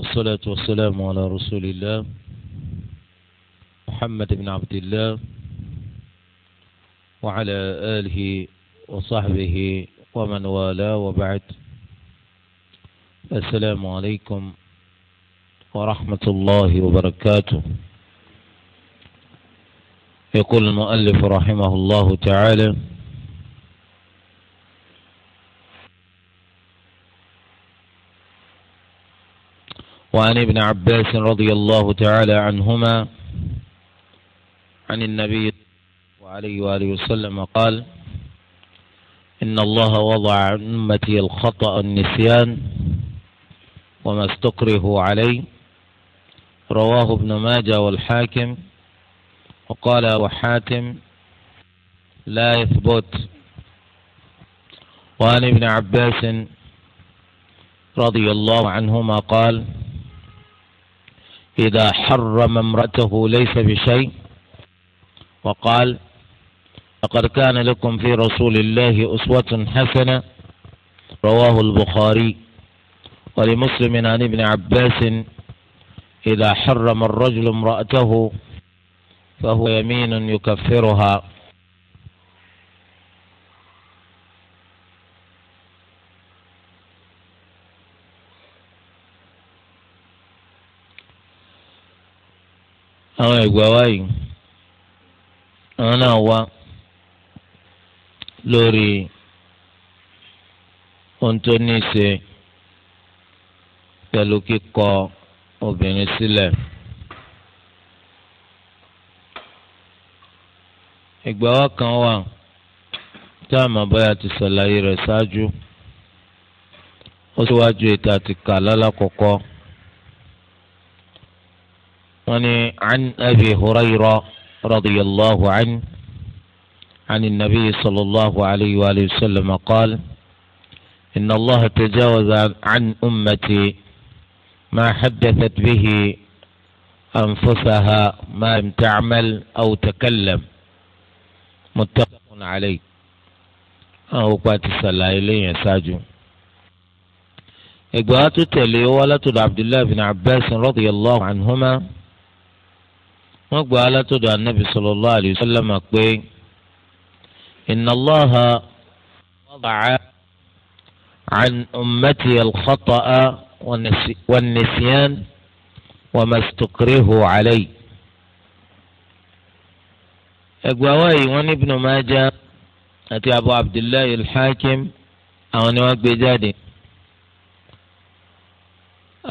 والصلاة والسلام على رسول الله محمد بن عبد الله وعلى آله وصحبه ومن والاه وبعد السلام عليكم ورحمة الله وبركاته يقول المؤلف رحمه الله تعالى وعن ابن عباس رضي الله تعالى عنهما عن النبي عليه وآله وسلم قال إن الله وضع عن أمتي الخطأ النسيان وما استكرهوا عليه رواه ابن ماجه والحاكم وقال وحاتم لا يثبت وعن ابن عباس رضي الله عنهما قال إذا حرم امرأته ليس بشيء وقال لقد كان لكم في رسول الله أسوة حسنة رواه البخاري ولمسلم عن ابن عباس إذا حرم الرجل امرأته فهو يمين يكفرها àwọn ìgbà wa yìí àwọn náà wá lórí ohun tó ní í ṣe pẹ̀lú kíkọ obìnrin sílẹ̀. ìgbà wa kan wà tá a mọ̀ bóyá ti ṣàlàyé rẹ̀ ṣáájú ó síwájú ètò àti kà lálàkọ́kọ́. يعني عن أبي هريرة رضي الله عنه عن النبي صلى الله عليه وآله وسلم قال إن الله تجاوز عن أمتي ما حدثت به أنفسها ما لم تعمل أو تكلم متفق عليه أو قات صلى الله عليه وسلم تلي ولد عبد الله بن عباس رضي الله عنهما wọ́n gbà alátọ́dọ̀ anabi sallallahu alayhi wa sallam pé inna Allaha wada'a an ummati al-khata'a wan-nisyan wa mastukrihu alayhi. ẹgbẹ́ wa yìí wọ́n ní Ibn Majah àti Abu Abdullahi al-Hakim àwọn ni wọ́n gbé jáde.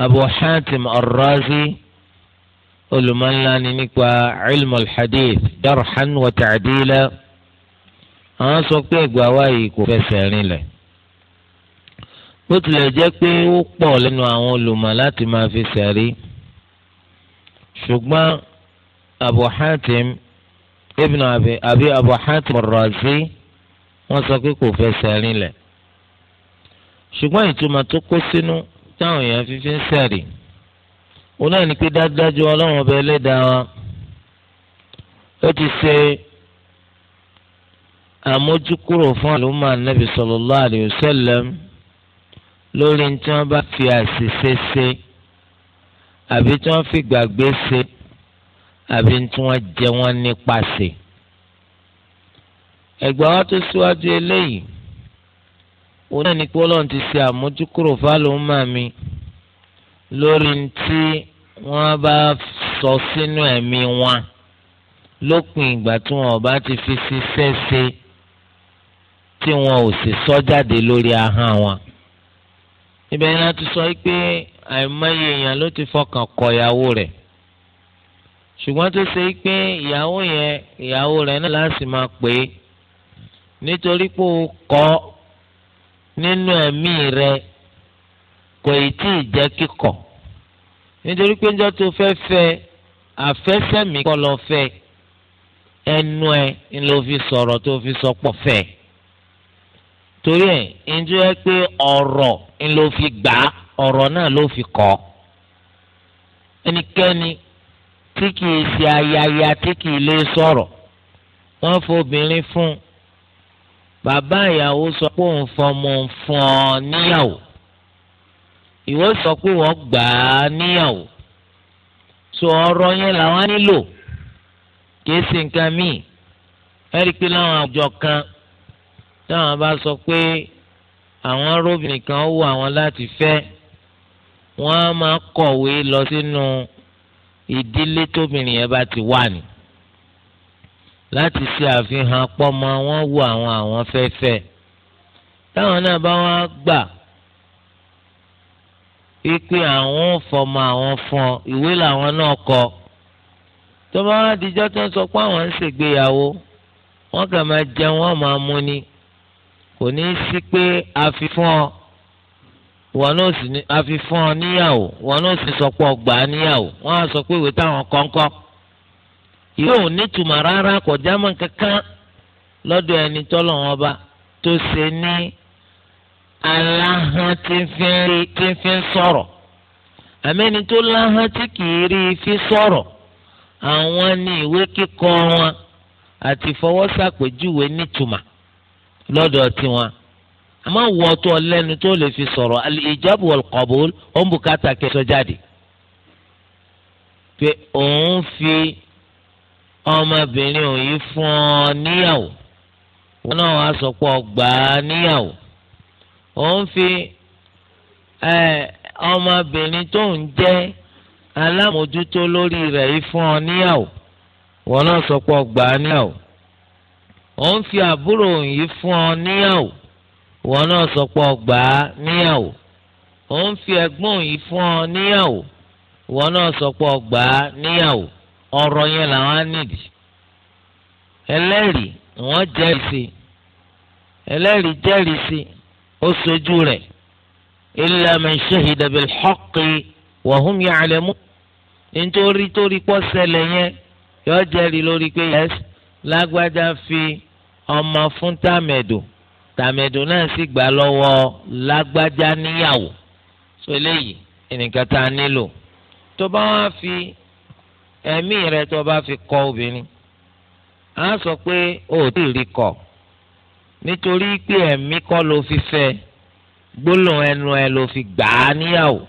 Abu Hatim ar olùmọ̀nlá ni nípa ilmu alhadith jarhan wa ta'dila àwọn sọ pé ìgbà wa yìí kò fẹsẹ̀ rinlẹ̀ bó tilẹ̀ jẹ́ pé ó pọ̀ lẹ́nu àwọn olùmọ̀ láti máa fi sẹ̀rí ṣùgbọ́n abu hatim ibn abi abi abu hatim ar wọ́n sọ pé kò fẹsẹ̀ rinlẹ̀ ṣùgbọ́n ìtumọ̀ tó kó sínú táwọn èèyàn fífi ń sẹ̀rí òun náà ní pé dájúdájú ọlọ́run ọba ẹlẹ́dàá wa ó ti ṣe àmójúkúrò fún àlùmọ́ ànábì sallallahu alayhi wa sallam lórí tí wọ́n bá fi àṣìṣe ṣe àbí tí wọ́n fi gbàgbé ṣe àbí tí wọ́n jẹ wọ́n nípa ṣe. ẹ̀gbà wa tó síwájú eléyìí òun náà ní pé ọlọ́run ti ṣe àmójúkúrò fún àlùmọ́ mi lórí tí wọ́n bá sọ sínú ẹ̀mí wọn lópin ìgbà tí wọn bá ti fi ṣiṣẹ́ ṣe tí wọn ò sì sọ jáde lórí ahọ́n wọn. ibẹ̀ ni a ti sọ pé àìmọye èèyàn ló ti fọkàn kọ ìyàwó rẹ̀ ṣùgbọ́n tó ṣe pé ìyàwó yẹn ìyàwó rẹ̀ náà láti máa pè é nítorí pé o kọ́ nínú ẹ̀mí rẹ̀ kò ì tí ì jẹ́ kíkọ̀ nítorí pé njọ́ tó fẹ́ fẹ́ àfẹ́sẹ̀mí kọ́ lọ fẹ́ ẹnu ẹ ń lọ fi sọ̀rọ̀ tó fi sọpọ̀ fẹ́ torí ẹ njọ́ ẹ pé ọ̀rọ̀ ń lọ fi gbà ọ̀rọ̀ náà ló fi kọ́ ẹnikẹ́ni tí kìí ṣe ayaya tí kìí lè sọ̀rọ̀ wọ́n fobìnrin fún bàbá ìyàwó sọ pé òun fọmọ fún ọ níyàwó ìwọ sọ pé wọ́n gbà á níyàwó sọ ọ̀rọ̀ yẹn làwọn nílò kìí ṣe nǹkan míì ẹ̀rí pé láwọn àjọ kan táwọn bá sọ pé àwọn róbìnrin kan wù àwọn láti fẹ́ wọ́n á máa kọ̀wé lọ sínú ìdílé tóbìnrin yẹn bá ti wà ní láti ṣe àfihàn pọ́mọ wọn wù àwọn àwọn fẹ́fẹ́ táwọn náà bá wọn gbà wípé àwọn ò fọmọ àwọn fún ọ ìwé làwọn náà kọ tọ́ba wọn adijọ́ tó ń sọ pé àwọn ń ṣègbéyàwó wọn kàn máa jẹun wọn máa mú ni kò ní í sí pé a fi fún ọ wọn náà sì ní a fi fún ọ níyàwó wọn náà sì sọ pé ọgbà níyàwó wọn á sọ pé ìwé táwọn kọ́ńkọ́ yóò nítumọ̀ rárá kọjá mọ́ kankan lọ́dọ̀ ẹni tọ́lọ̀ wọn bá tó ṣe ní aláhán tí fi ń rí tí fi ń sọ̀rọ̀ àmẹ́ni tó láhán tí kìí rí fi sọ̀rọ̀ àwọn ní ìwé kíkọ wọn àti fọwọ́sàpèjúwe nítumà lọ́dọ̀ tiwọn àmọ́ wọ́n tó lẹ́nu tó lè fi sọ̀rọ̀ al-ijab wal-qabul ó jáde pé òun fi ọmọbìnrin òun yìí fún ọ níyàwó wọn náà wàá sọ pé ọgbà níyàwó òun fi ọmọbìnrin tó ń jẹ́ alámòjútó lórí rẹ̀ yìí fún ọ níyàwó wọn náà sọ pé ọgbà níyàwó òun fi àbúrò yìí fún ọ níyàwó wọn náà sọ pé ọgbà níyàwó òun fi ẹ̀gbọ́n yìí fún ọ níyàwó wọn náà sọ pé ọgbà níyàwó ọ̀rọ̀ yẹn làwọn á nìdí ẹlẹ́rìí wọ́n jẹ́rìí sí ẹlẹ́rìí jẹ́rìí sí ó sojú rẹ̀ illa man shahida bil haqqi wa hum ya'lamun nítorí pọ́ ṣẹlẹ̀ yẹn yóò jẹ́rìí lórí pé lágbájá fi ọmọ fún tàmẹ̀dù tàmẹ̀dù náà sì gbà lọ́wọ́ lágbájá níyàwó so eléyìí ẹnìkan tá a nílò tó fi ẹ̀mí tó fi kọ obìnrin a sọ pé ó ti kọ. nítorí pé ẹ̀mí kọ́ ló fi fẹ́ gbólóhùn ẹnu ẹ ló fi gbà á níyàwó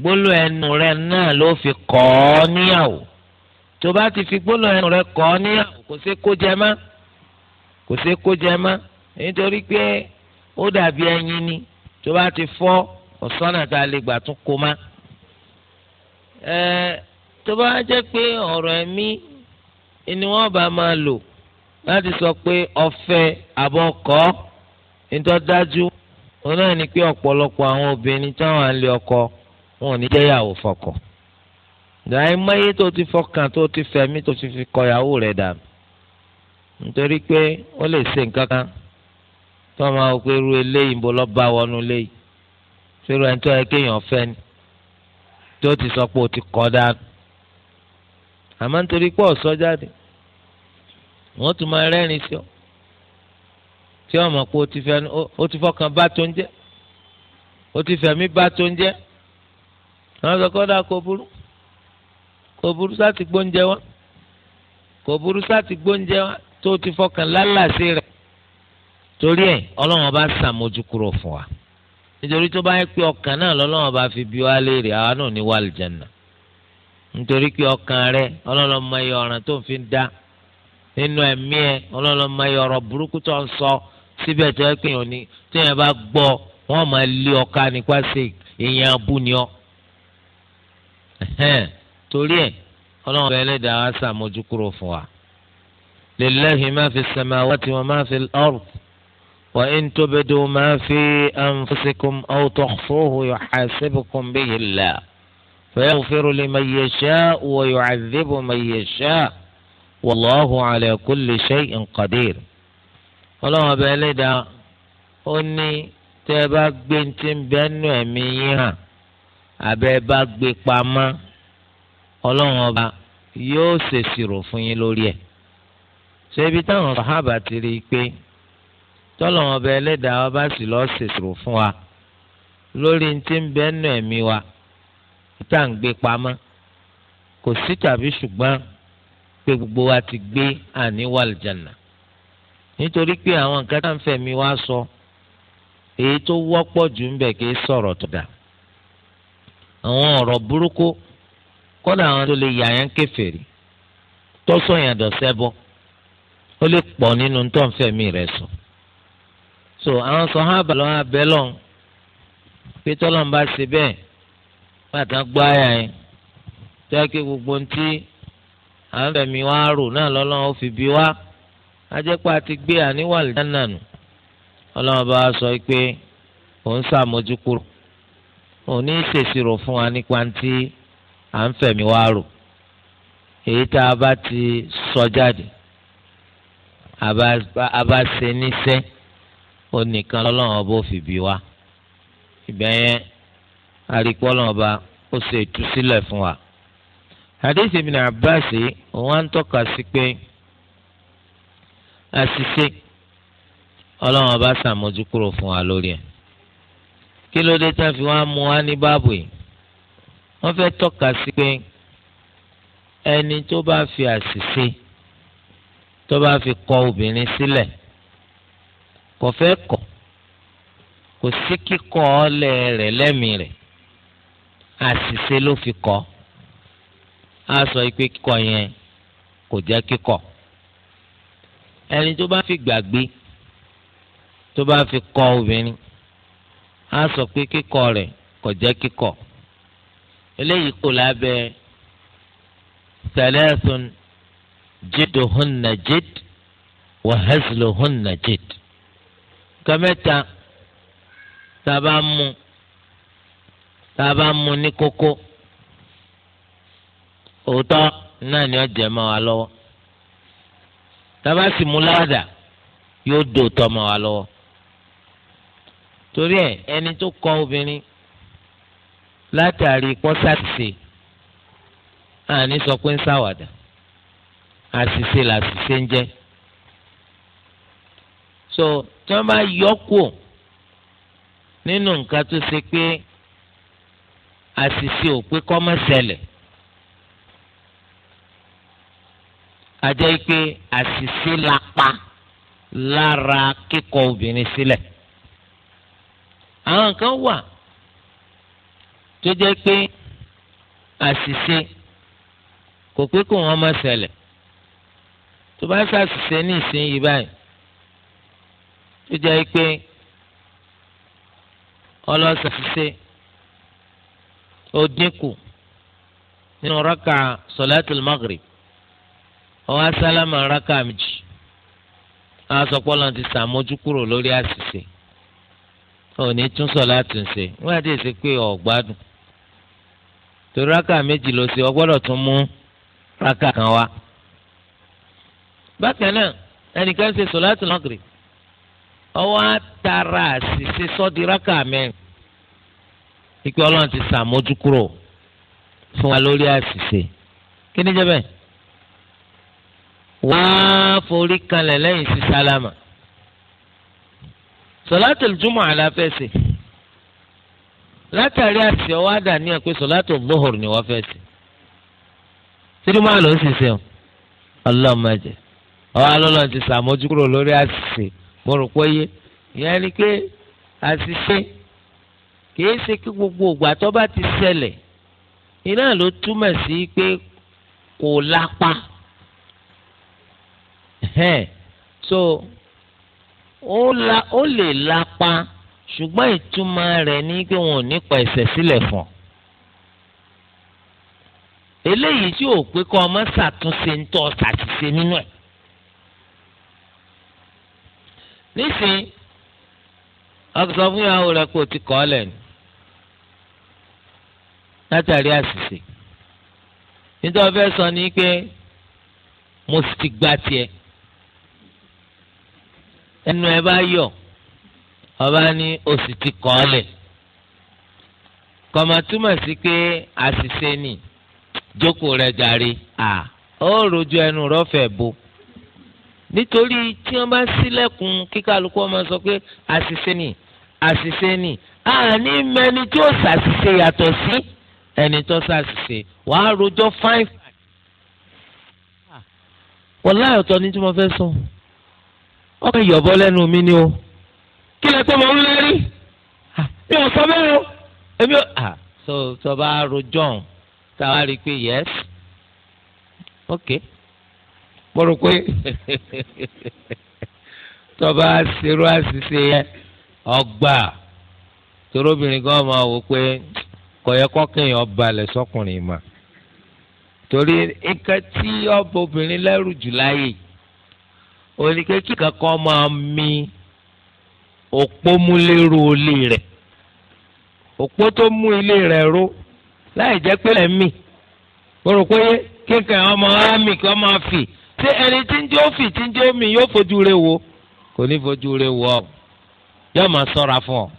gbólóhùn ẹnu rẹ náà ló fi kọ̀ ọ́ níyàwó tó bá ti fi gbólóhùn ẹnu rẹ kọ̀ ọ́ níyàwó kò sí kó jẹ mọ́ kò sí kó jẹ mọ́ nítorí pé ó dàbí ẹyin ni tó bá ti fọ́ ọ̀sán àti àlegbà tún kó má. ẹ tó bá jẹ́ pé ọ̀rọ̀ ẹ̀mí ni wọ́n bá máa lò láti sọ pé ọ̀fẹ́ àbọ̀kọ́ ńtọ́dájú òun náà ni pé ọ̀pọ̀lọpọ̀ àwọn obìnrin táwọn à ń lé ọkọ wọn ò ní jẹ́yàwó fọkọ. ìdáyé mọ́yé tó ti fọkàn tó ti fẹ̀mí tó ti fi kọyàwó rẹ̀ dànù. nítorí pé ó lè ṣe nǹkan kan tó máa pé irú eléyìí ń bọ́ bá wọnú léyìí. fẹ́rù ẹni tó yẹ kéèyàn fẹ́ ni tó ti sọ pé ó ti kọ́ dànù. àmọ́ nítorí pé ọ̀sọ́ jáde wọ́n tún máa rẹ́rìn sí ọ tí ọmọ pé o ti fẹ́ o ti fọkàn bá tó ń jẹ́ o ti fẹ̀mí bá tó ń jẹ́ àwọn sọ kọ́dà kò burú kò burú sáti gbóúnjẹ wá kò burú sáti gbóúnjẹ wá tó o ti fọkàn lálàsí rẹ̀ torí ẹ̀ ọlọ́run ọba ṣàmójúkúrò fún wa nítorí tó bá yẹ pé ọkàn náà lọ́lọ́run ọba fi bí wa léèrè àwa náà ní wàlìjẹ́nà nítorí pé ọkàn rẹ ọlọ́run ọmọ ọ̀ràn tó ń fi dá nínú ẹ̀mí ẹ ọlọ́run máa yọ ọ̀rọ̀ burúkú tó ń sọ síbẹ̀ tó yẹ kéèyàn ni tí yẹn bá gbọ́ wọ́n máa lé ọ̀ka nípa ṣe èèyàn abú ni ọ́ torí ẹ̀ ọlọ́run bẹ ẹlẹ́dàá wa ṣàmójúkúrò fún wa. lillahi ma fi fi al-ard wa in tubdu fi anfusikum aw tukhfuhu yuhasibukum bihi Allah fayaghfiru liman yasha'u wa yu'adhibu man wallahu ala kulli shay'in qadir ọlọ́run ọba ẹlẹ́dàá ó ní tẹ́ ẹ bá gbé ti ń bẹ́nu ẹ̀mí yín hàn àbẹ́ ẹ bá gbé pamọ́ ọlọ́run ọba yóò ṣèṣirò fún yín lórí ẹ̀ ṣé ibi táwọn sàhábà ti rí i pé tọ́lọ́run ọba ẹlẹ́dàá wa bá sì lọ́ọ́ ṣèṣirò fún wa lórí ti ń bẹ́nu ẹ̀mí wa tá à ń gbé pamọ́ kò sí tàbí ṣùgbọ́n. pé gbogbo wa ti gbé àní wàlìjànà nítorí pé àwọn nǹkan tá à ń fẹ̀mí wa sọ èyí tó wọ́pọ̀ jù ń bẹ̀ kì í sọ̀rọ̀ tó dà àwọn ọ̀rọ̀ burúkú kódà àwọn tó lè yà yẹn kèfèrí tọ́sọ̀ yẹn dọ̀sẹ́ bọ́ ó lè pọ̀ nínú tó ń fẹ̀mí rẹ̀ sọ. so àwọn sàhábà lọ́wọ́ abẹ́ lọ́n pé tọ́lọ́n bá ṣe bẹ́ẹ̀ pàtàkì gbọ́ àyà yẹn tó yẹ kí gbogbo ohun tí à ń fẹ̀mí wa rò náà lọ́lọ́run ó fi bí wa ajẹ́pọ̀ àti gbé àníwá àlùjáná nù ọlọ́run bá sọ pé òun ṣàmójúkúrò òun ní ìṣèṣirò fún wa nípa tí à ń fẹ̀mí wa rò èyí tá a bá ti sọ jáde a bá ṣe níṣẹ́ ó nìkan lọ́lọ́run fi bí wa ìbẹ̀yẹn àríkọ́ ọlọ́run ó ṣe ìtúsílẹ̀ fún wa hadith ibn abbas wọn ń tọ́ka sí pé àṣìṣe ọlọ́run ọba ṣàmójúkúrò fún wa lórí ẹ̀ kí ló dé tán fi wá mú wa ní báàbò yìí wọ́n fẹ́ tọ́ka sí pé ẹni tó bá fi àṣìṣe tó bá fi kọ obìnrin sílẹ̀ kò fẹ́ kọ̀ kò sí kíkọ̀ ọ́lẹ̀ rẹ̀ lẹ́mìí rẹ̀ àṣìṣe ló fi kọ̀ ọ́ á sọ pé kíkọ yẹn kò jẹ́ kíkọ ẹni tó bá fi gbàgbé tó bá fi kọ obìnrin á sọ pé kíkọ rẹ̀ kò jẹ́ kíkọ eléyìí kò lábẹ́ sẹlẹ́sùn jidduhunna jidd wa hazluhunna jidd kẹmẹ́ta tá a bá mú tá a bá mú ní kókó òótọ́ náà ni ọ̀jẹ̀ mọ́ wa lọ́wọ́ tábà sì mú láàdà yóò dòótọ́ mọ́ wa lọ́wọ́ torí ẹ ẹni tó kọ obìnrin látàrí pọ́sàtìsì àní sọ pé ń ṣàwàdà àṣìṣe làṣìṣe ń jẹ́ so tí wọ́n bá yọ kù nínú nǹkan tó ṣe pé àṣìṣe ò pé kọ́ mọ́ ṣẹlẹ̀. àjẹ́ pé àṣìṣe la pa lára kíkọ obìnrin sílẹ̀. àwọn kan wà tó jẹ́ pé àṣìṣe kò pé kó wọ́n má ṣẹlẹ̀ tó bá ṣàṣìṣe ní ìsinyìí báyìí tó jẹ́ pé ọlọ́ṣàṣìṣe ó dínkù nínú rákà sọ̀láàtì ọwọ́ sálámà rákà méjì asọpọlọ ti sàmójú kúrò lórí àṣìṣe òní tún sọ láti ṣe wọn àti èsì pé ọgbádùn torí rákà méjì ló ṣe ọgbọ́dọ̀ tún mú rákà kan wá. bákan náà ẹnìkan ṣe sọláàtì lọ́gìrì ọwọ́ àtàrà àṣìṣe sọ́ọ́dì rákà ìpè ọlọ́run ti sàmójú kúrò fún wa lórí àṣìṣe kí ni jẹ́ bẹ́ẹ̀ wá forí kalẹ̀ lẹ́yìn sí sálámà sọláàtò jùmọ̀ àlàfẹ́sẹ̀ látàrí àti ọwọ́ àdàníyàn pé sọláàtò bọ́hùrù ni wọ́n fẹ́ sí sídìmọ́ àlọ́ ń ṣiṣẹ́ o ọlọ́mọdé ọwọ́ alọ́lọ́ ti sàmójúkúrò lórí àṣìṣe mo rò pé yé ìyẹn ni pé àṣìṣe kìí ṣe kí gbogbo ìgbà tó bá ti ṣẹlẹ̀ iná ló túmọ̀ sí pé kò lápá ẹ̀hẹ́n so ó la ó lè lapa ṣùgbọ́n ìtumọ̀ rẹ̀ ní pé wọn ò ní pa ẹ̀ṣẹ̀ sílẹ̀ fún eléyìí tí ò pé kọ́ ọmọ ṣàtúnṣe ń tọ́ ṣàtúnṣe nínú ẹ̀ nísìnyí ọkọ̀ sọ fún ìyàwó rẹ̀ pé ti kọ́ ọ lẹ́nu látàrí àṣìṣe nítorí ọ̀fẹ́ sọ ni pé mo ti gba tiẹ̀ ẹnu ẹ bá yọ ọba ní oṣù ti kọ́ ọ lẹ̀ kọ̀mọ̀ túmọ̀ sí pé àṣìṣe ni jókòó rẹ̀ jàre à ó rojú ẹnu rọ́fẹ̀ bo nítorí tí wọ́n bá sílẹ̀kùn kíkálukú ọmọ sọ pé àṣìṣe ni àṣìṣe ni àní mẹni tí ó ṣàṣìṣe yàtọ̀ sí ẹni tó ṣàṣìṣe wàá rojọ́ fáìn. wọ́n láyọ̀ tọ́ ni tí mo fẹ́ sọ. So ọmọ ìyọ̀bọ lẹ́nu mi ni o kí lẹ tó mọ ń lérí mi ò sọ bẹ́ẹ̀ o èmi ò à so tó bá rojọ́ táwa rí i pé yes ok mo rò pé tó bá ṣerú àṣìṣe yẹn ọgbà torobìnrin kan máa wò pé kọ̀yẹ́ kọ́kẹ́yìn balẹ̀ sọkùnrin mà torí nǹkan tí ọba obìnrin lẹ́rù jù láyè yìí oníkékì kankan máa mi òpó múlẹ́rù olè rẹ̀ òpó tó mú ilé rẹ̀ ró láì jẹ́ pé lẹ́mì kórópé kíkan ọmọ ámì kí wọ́n máa fì ṣé ẹni tí ń jó fì tí ń jó mi yóò fojú rẹ̀ wò kò ní fojú rẹ̀ wò ọ yóò máa sọ́ra fún ọ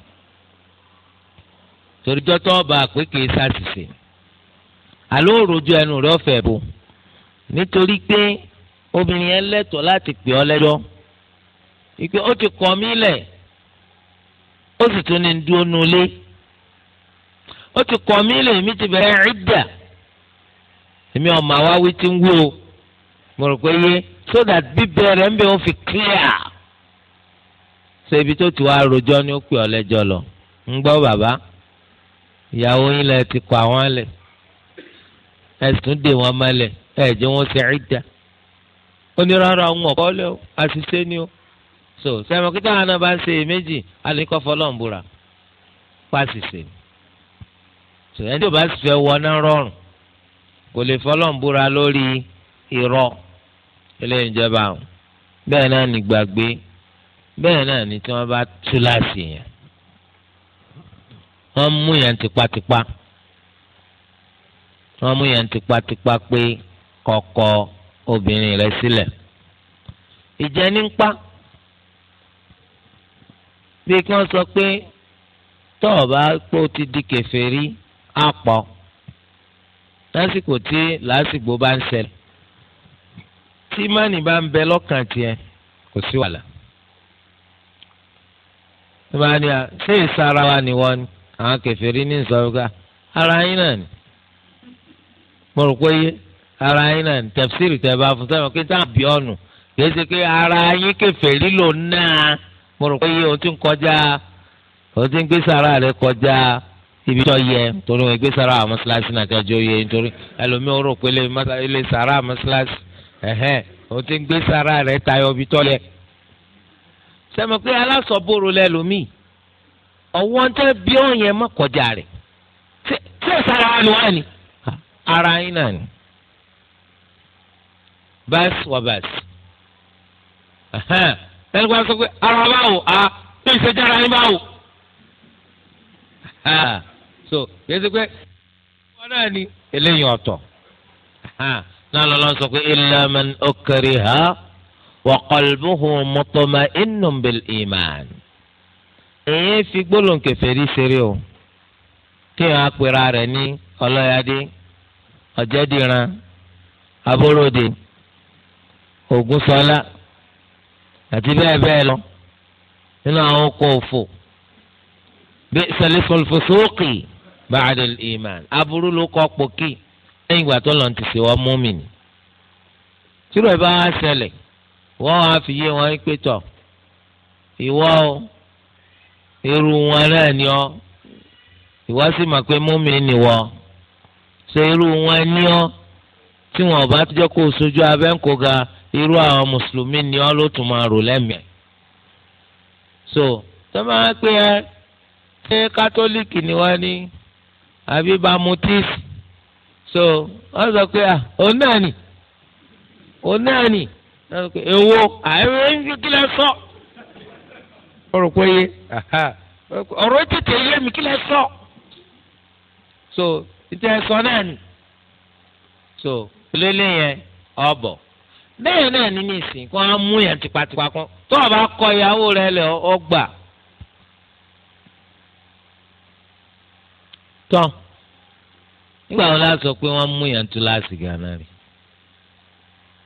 torijọ́ tó ọba pé kì í ṣàṣìṣe àlọ́ òròjú ẹnu rẹ̀ ọ̀fẹ́ bò nítorí pé obìnrin yẹn lẹ́tọ̀ọ́ láti pè ọ́ lẹ́jọ́ ìpè ó ti kọ̀ mí lẹ̀ ó sì tún ní dúró nulẹ̀ ó ti kọ̀ mí lẹ̀ èmi ti bẹ̀rẹ̀ ìdà èmi ọmọ àwa wí ti ń wú o mo rò pé yé so that bíbẹ̀rẹ̀ ń bẹ̀ ó fi clear ṣe ibi tó ti wá rojọ́ ni ó pè ọ́ lẹ́jọ́ lọ ń gbọ́ bàbá ìyàwó yín lẹ ti kọ̀ àwọn lẹ̀ ẹ̀sùn dè wọ́n mọ́lẹ̀ ẹ̀jẹ̀ wọn ṣe ìdà ó ní rárá òun ọ̀kọ́ o àṣìṣe ni o so sẹ́wọ̀n kí táwọn náà bá ń ṣe èméjì àlékọ́ fọlọ́ǹbùrà pàṣìṣe so ẹni tó bá sì fẹ́ wọ náà rọrùn kò lè fọlọ́ǹbùrà lórí irọ́ eléyìí jẹba àwọn bẹ́ẹ̀ náà ní gbàgbé bẹ́ẹ̀ náà ní tí wọ́n bá tú láti yẹn wọ́n mú yẹn tipátipá wọ́n mú yẹn tipátipá pé kọ̀ọ̀kọ̀ọ̀ obìnrin rẹ sílẹ̀ ìjẹ́ nípa bí kí wọ́n sọ pé tó o bá pé o ti di kèfèrí á pọ̀ lásìkò tí làásìgbò bá ń ṣẹlẹ̀ tí mánì bá ń bẹ lọ́kàn tiẹ̀ kò sí wàhálà tó bá ní ṣé ìsara wa ni wọ́n ní àwọn kèfèrí ní ìsọ̀rọ̀ ká ara yín náà ni mo rò pé yé ara yín náà tẹ̀síìrì fún sẹ́wọ̀n kí n ọ̀nù kìí ṣe ara yín kẹfẹ́ lílo náà mo rò pé ti ń kọjá ibi tó yẹ torí wọn gbé náà yẹ nítorí ẹlòmíì rò pé ẹ̀hẹ́n ti ń gbé rẹ tayọ ibi tó yẹ. pé alásọ̀bòrò ọwọ́ ń tẹ́ bí ọ̀yẹ́ ni ara yín náà ni. báàsì wà báàsì ẹni kan sọ pé ara báwo a tó ìṣèjára yín báwo so yẹ sọ pé wọn náà ni eléyìí ọ̀tọ̀ náà lọ́lọ́ sọ pé illa man ukriha wa qalbuhu mutma'innun bil iman èyí fi gbólóhùn kèfèrí ṣeré o kí wọn apèrè rẹ ní ọlọ́yàdé ọ̀jẹ̀dìran abóròde. Ògúnṣọlá àti bẹ́ẹ̀ bẹ́ẹ̀ lọ nínú àwọn ọkọ̀ òfò bí sẹlẹsọ fòsókè bàdàl ìmàn aburú ló kọ́ pòkì lẹ́yìn ìgbà tó lọ́n ti ṣe wọ́n mú mi ni. tírò ẹ bá wá ṣẹlẹ̀ wọ́n wá fi yé wọn pé tọ̀ ìwọ o irú wọn náà ni ọ ìwọ sì mà pé mú ni wọ ṣe irú wọn ni ọ tí wọn bá jẹ́ kó o sojú abẹ́ǹkó ga irú àwọn mùsùlùmí ni wọn ló tún máa rò lẹ́mìí. so tó máa pé ẹ ṣé kátólíìkì ni wọ́n ní àbí bàmútíìsì so wọ́n sọ pé ah òun náà nì òun náà nì èwo àìwé ń fi kílẹ̀ sọ. ọ̀rọ̀ pé yé ọ̀rọ̀ tètè yé mi kílẹ̀ sọ. so ìtẹ̀ sọ náà nì so olólè yẹn ọ̀bọ̀ bẹ́ẹ̀ náà ní nísìnyí kó wọ́n mú yẹn tipatipa kan tó o bá kọ ìyàwó rẹ lẹ ọgbà. tán nígbà wọn láti sọ pé wọ́n mú yẹn tú láti gánà rẹ̀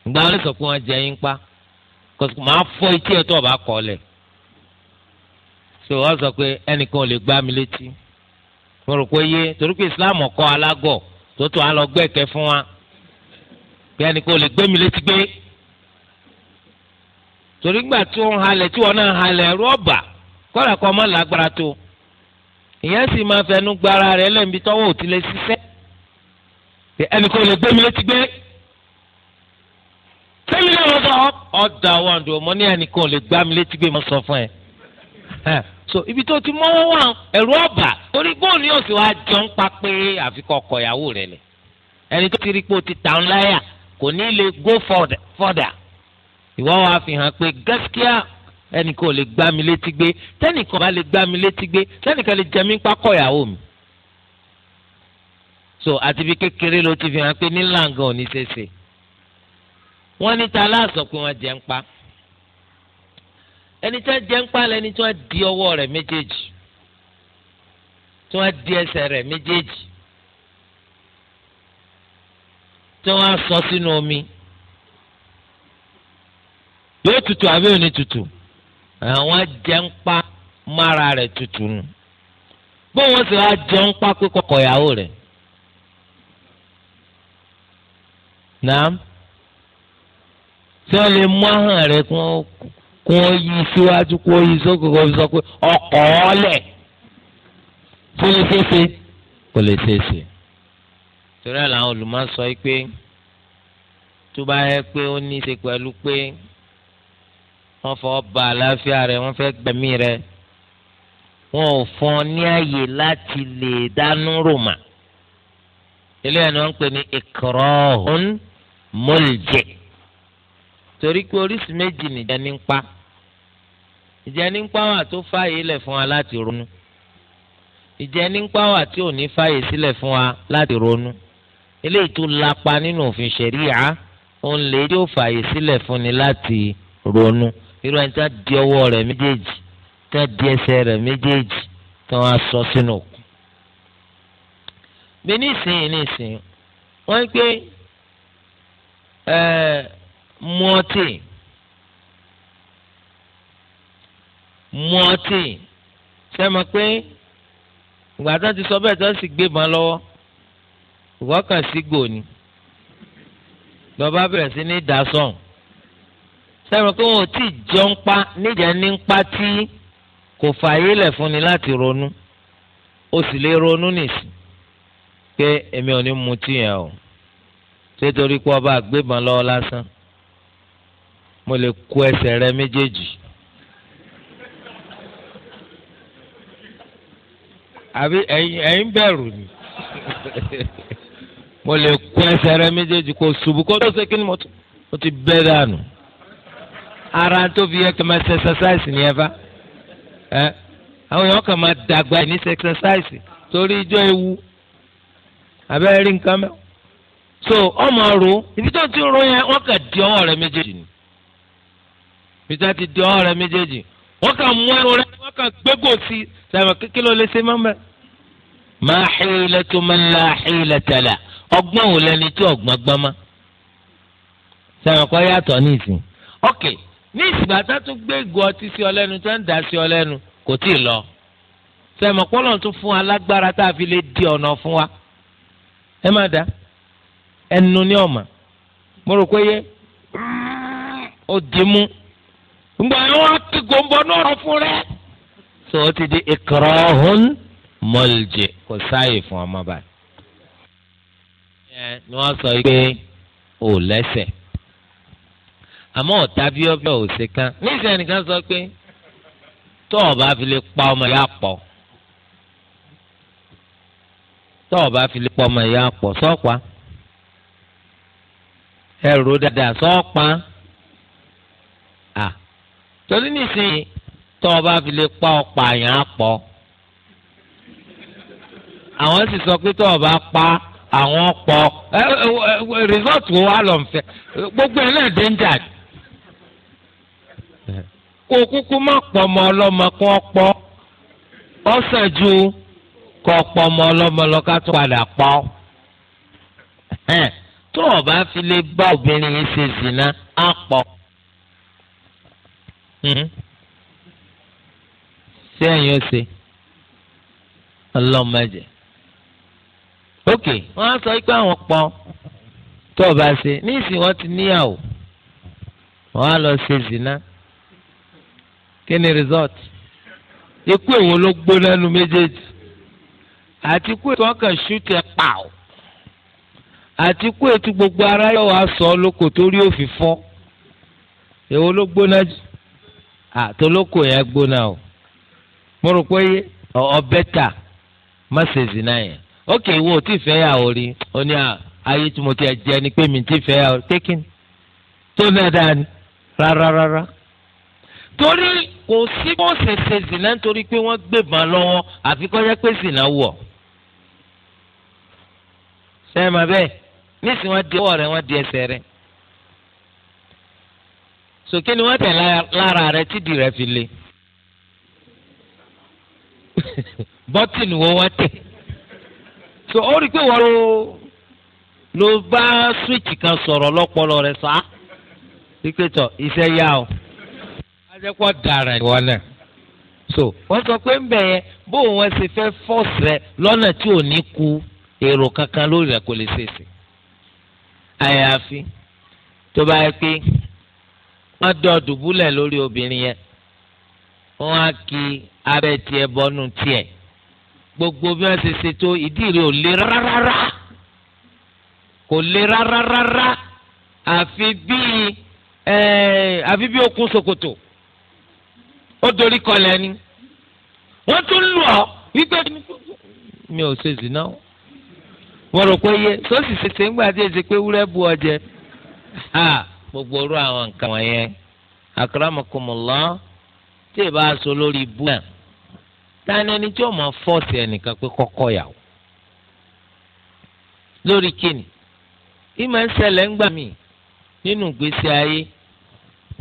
ìgbà wọn lè sọ pé wọ́n jẹ yín pa kòsìkò máa fọ etí ẹ̀ tó o bá kọ ọ lẹ̀ so wọ́n sọ pé ẹnìkan ò lè gbá mi létí mo rò pé yé torí pé Islam kọ́ alágọ̀ tó tó a lọ gbẹ̀kẹ́ fún wa bí ẹni kò lè gbé mi létí gbé torí gbà tí wọ́n halẹ̀ tí wọ́n náà halẹ̀ rọ́ọ̀bà kọ́lá kọ́ ọmọ làgbára tó ìyẹn sì máa fẹnu gbára rẹ̀ lẹ́nbi tọ́wọ́ ò ti lè ṣiṣẹ́ bí ẹni kò lè gbé mi létí gbé sẹ́mi náà wọ́n sọ ọ̀dà wọn dùn mọ́ ní ẹni kò lè gbá mi létí gbé mọ́ sọ fún ẹ so ibi tó ti mọ́wọ́ wà ẹ̀rú ọ̀bà torí bóun ni yóò sì wá jọ ń pa pé àfikọ́ ọkọ̀ ìyàwó rẹ̀ lẹ̀ ẹni tó ti rí pé o ti tà ń láyà kò ní lè go further ìwọ wa fi hàn pé gaskiya ẹnì kan ò lè gbá mi létí gbé tẹ́nìkan bá lè gbá mi létí gbé tẹ́nìkan lè jẹ mí pákọ̀ ìyàwó mi. so àti bí kékeré ló ti fi hàn pé nílàngan ò ní ṣeéṣe. wọ́n ní ta aláàsọ pé wọ́n jẹ́ ń pa. ẹni tí wọ́n jẹ́ ń pa lẹ́ni tí wọ́n di ọwọ́ rẹ̀ méjèèjì tí wọ́n di ẹsẹ̀ rẹ̀ méjèèjì tí wọ́n á sọ sínú omi yóò tutù àbí òní tutù àwọn jẹun pa mára rẹ̀ tutù nù bó wọ́n sì wá jẹun pa pé kọ̀kọ̀ ìyàwó rẹ̀ nàám tí wọ́n lè mú ahọ́n rẹ̀ kí wọ́n kí wọ́n yí síwájú kí wọ́n yí sókè kí wọ́n sọ pé ọkọ̀ ọ́lẹ̀ tí ó lè ṣeéṣe kò lè ṣeéṣe torí ẹ̀ làwọn olùmọ̀ sọ pé tó bá yẹ pé ó ní í ṣe pẹ̀lú pé wọ́n fọ́ ba àlàáfíà rẹ̀ wọ́n fẹ́ gbẹ̀mí rẹ̀ wọn ò fún ní àyè láti lè dánú ròmà ilé ni wọ́n ń pè ní ikrahun mulji torí pé oríṣi méjì nìjẹ́ ní ń pa ìjẹ́ ní ń pa wà tó fààyè lẹ̀ fún wa láti ronú ìjẹ́ ní ń pa wà tí ò ní fààyè sílẹ̀ fún wa láti ronú eléyìí tó lapa nínú òfin ṣẹ̀ríyà ó ń lè yóò fààyè sílẹ̀ fúnni láti ronú irú ẹni tá di ọwọ́ rẹ̀ méjèèjì tá di ẹsẹ̀ rẹ̀ méjèèjì tá wọ́n á sọ sínú òkú. bí nísìnyí nísìnyí wọ́n ń pè mu ọtí mu ọtí ṣe é mọ̀ pé ìgbà tó ti sọ bẹ́ẹ̀ tó sì gbébọn lọ́wọ́ ìwọ kàn sí gòní lọba bẹ̀rẹ̀ sí ní dasọ̀n sẹ́wọ̀n pé wọn ò tí ì jọ ń pa níjà ní ń pa tí kò fààyè lẹ̀ fún ni láti ronú o sì lè ronú nìsí pé èmi ò ní mutí yẹn o nítorí pé ọba àgbébọn lọ́wọ́ lásán mo lè kó ẹsẹ̀ rẹ méjèèjì. àbí ẹ̀yin bẹ̀rù ni. mo lè kún ẹsẹ̀ rẹ méjèèjì kó ṣubú kó tó ṣe kí ni mo ti bẹ́ dànù ara tó fi yẹ kí n máa ṣe exercise ni ẹ bá ẹ àwọn èèyàn kàn máa dàgbà ní ṣe exercise torí ijó ewu abẹ́rẹ́ rí nǹkan mẹ́wọ́ so ọmọ ro ibi tó ti ro yẹn wọ́n kàn di ọwọ́ rẹ méjèèjì ni ibi tó ti di ọwọ́ rẹ méjèèjì wọ́n kàn mú ẹnu rẹ wọ́n kàn gbégò sí i sàmì kékeré ló lè ṣe mọ́mọ́ máa hí ilẹ̀ tó máa ń la hí ilẹ̀ tẹ̀lẹ̀ ọgbọ́n ò lẹni tí ọgbọ́n gbọ́n má sẹ́wọ̀n kọ́ yàtọ̀ ní ìsìn. ok ní ìsìgbà tá a tún gbé ìgò ọtí sí ọ lẹ́nu tó ń dà sí ọ kò tí ì lọ sẹ́wọ̀n pọ́lọ̀ tún fún wa lágbára tá a fi lè di ọ̀nà fún wa ẹ má dá ẹnu ní ọ̀mà mo rò pé yé ó dì mú ngbà yẹn wọn ti gbòǹbọ náà rọ fún rẹ. sọ ti di ìkọrọ ọhún mọlìjì kò sáàyè fún ọmọ báyìí yẹn ni wọ́n sọ pé ò lẹ́sẹ̀ àmọ́ ọ̀tá bí ọbẹ̀ ò ṣe kán níṣẹ́ nìkan sọ pé tó o bá fi lè pa ọmọ ìyá pọ̀ tó o bá fi lè pa ọmọ ìyá pọ̀ sọ́pa ẹ̀rù dáadáa sọ́pa torí nísìnyí tó o fi lè pa ọ̀pá àyàn pọ̀ àwọn sì sọ pé tó o pa á àwọn pọ̀ result wo wà lọ nfẹ gbogbo ẹ̀ náà danger kó kúkú má pọ̀ ọmọ ọlọ́mọ kó pọ̀ ọ̀sẹ̀ ju kó pọ̀ ọmọ ọlọ́mọ lọ́ka tó padà pọ̀ tó o bá fi lè bá obìnrin yìí ṣe zina á pọ̀ hmm? ṣé ẹ̀yin ó ṣe ọlọ́mọdé ok wọ́n á sọ pé àwọn pọn tó o bá ṣe níìsín wọ́n ti níyàwó wọ́n á lọ ṣe zina kí ni result ikú èwo ló gbóná nu méjèèjì àti kú ètò ọkàn ṣútì ẹ pàù àti kú ètò gbogbo ara yóò wá sọ lóko torí òfin fọ́ èwo ló gbóná jù àtolóko yẹn gbóná o mo rò pé ọbẹ̀ ta má ṣe zina yẹn ókè wo ò tí ì fẹ́yàwó rí ó ní ayé tí mo ti ẹ̀ jẹ́ ni pé mi ti fẹ́yàwó tékin tó náà dáa ni rárárárá torí kò sí bó ṣe ṣe zìnà nítorí pé wọ́n gbébọn lọ́wọ́ àfi kọ́ jẹ́ pé zìnà wọ̀ sẹ́yìn máa bẹ́ẹ̀ nísìnyí wọ́n di ọwọ́ rẹ̀ wọ́n di ẹsẹ̀ rẹ̀ sòkè ni wọ́n tẹ̀ lára rẹ̀ tídìí rẹ̀ fi le bọ́tìnì wo wọ́n tẹ̀ so ó rí i pé wọ́n ló bá switch kan sọ̀rọ̀ lọ́pọlọ rẹ̀ sá wípé tọ̀ iṣẹ́ yá o ajẹ́pọ̀ dara ìwọ náà so wọ́n sọ pé ń bẹ̀ yẹn bó wọn ṣe fẹ́ fọ́ọ̀sì rẹ lọ́nà tí ò ní ku èrò kankan lórí rẹ kò lè ṣèṣe àyàfi tó bá yẹ pé wọ́n dọ̀ dùbúlẹ̀ lórí obìnrin yẹn wọ́n á kí abẹ́ tiẹ̀ bọ́nú tiẹ̀ gbogbo bí wọ́n ṣe ṣètò ìdí rẹ̀ ò lè rárá kò lè rárá àfi bíi àfi bíi okùn ṣòkòtò ó dorí kọlẹ̀ ni wọ́n tún lù ọ́ wípé mi ò ṣe zìnnà wọ́n rò pé yé sọ́sì ṣètò ńgbà tí èsì pé wúrẹ́ bu ọjẹ́ gbogbo orú àwọn nǹkan wọ̀nyẹn akramakumullah tí ì bá aṣọ lórí ibú náà tani ẹni tí ó máa fọ́ọ̀sì ẹnìkan pé kọ́kọ́ yàwó lórí kíni ìmọ̀ ń ṣẹlẹ̀ ń gbà mí nínú ìgbésí ayé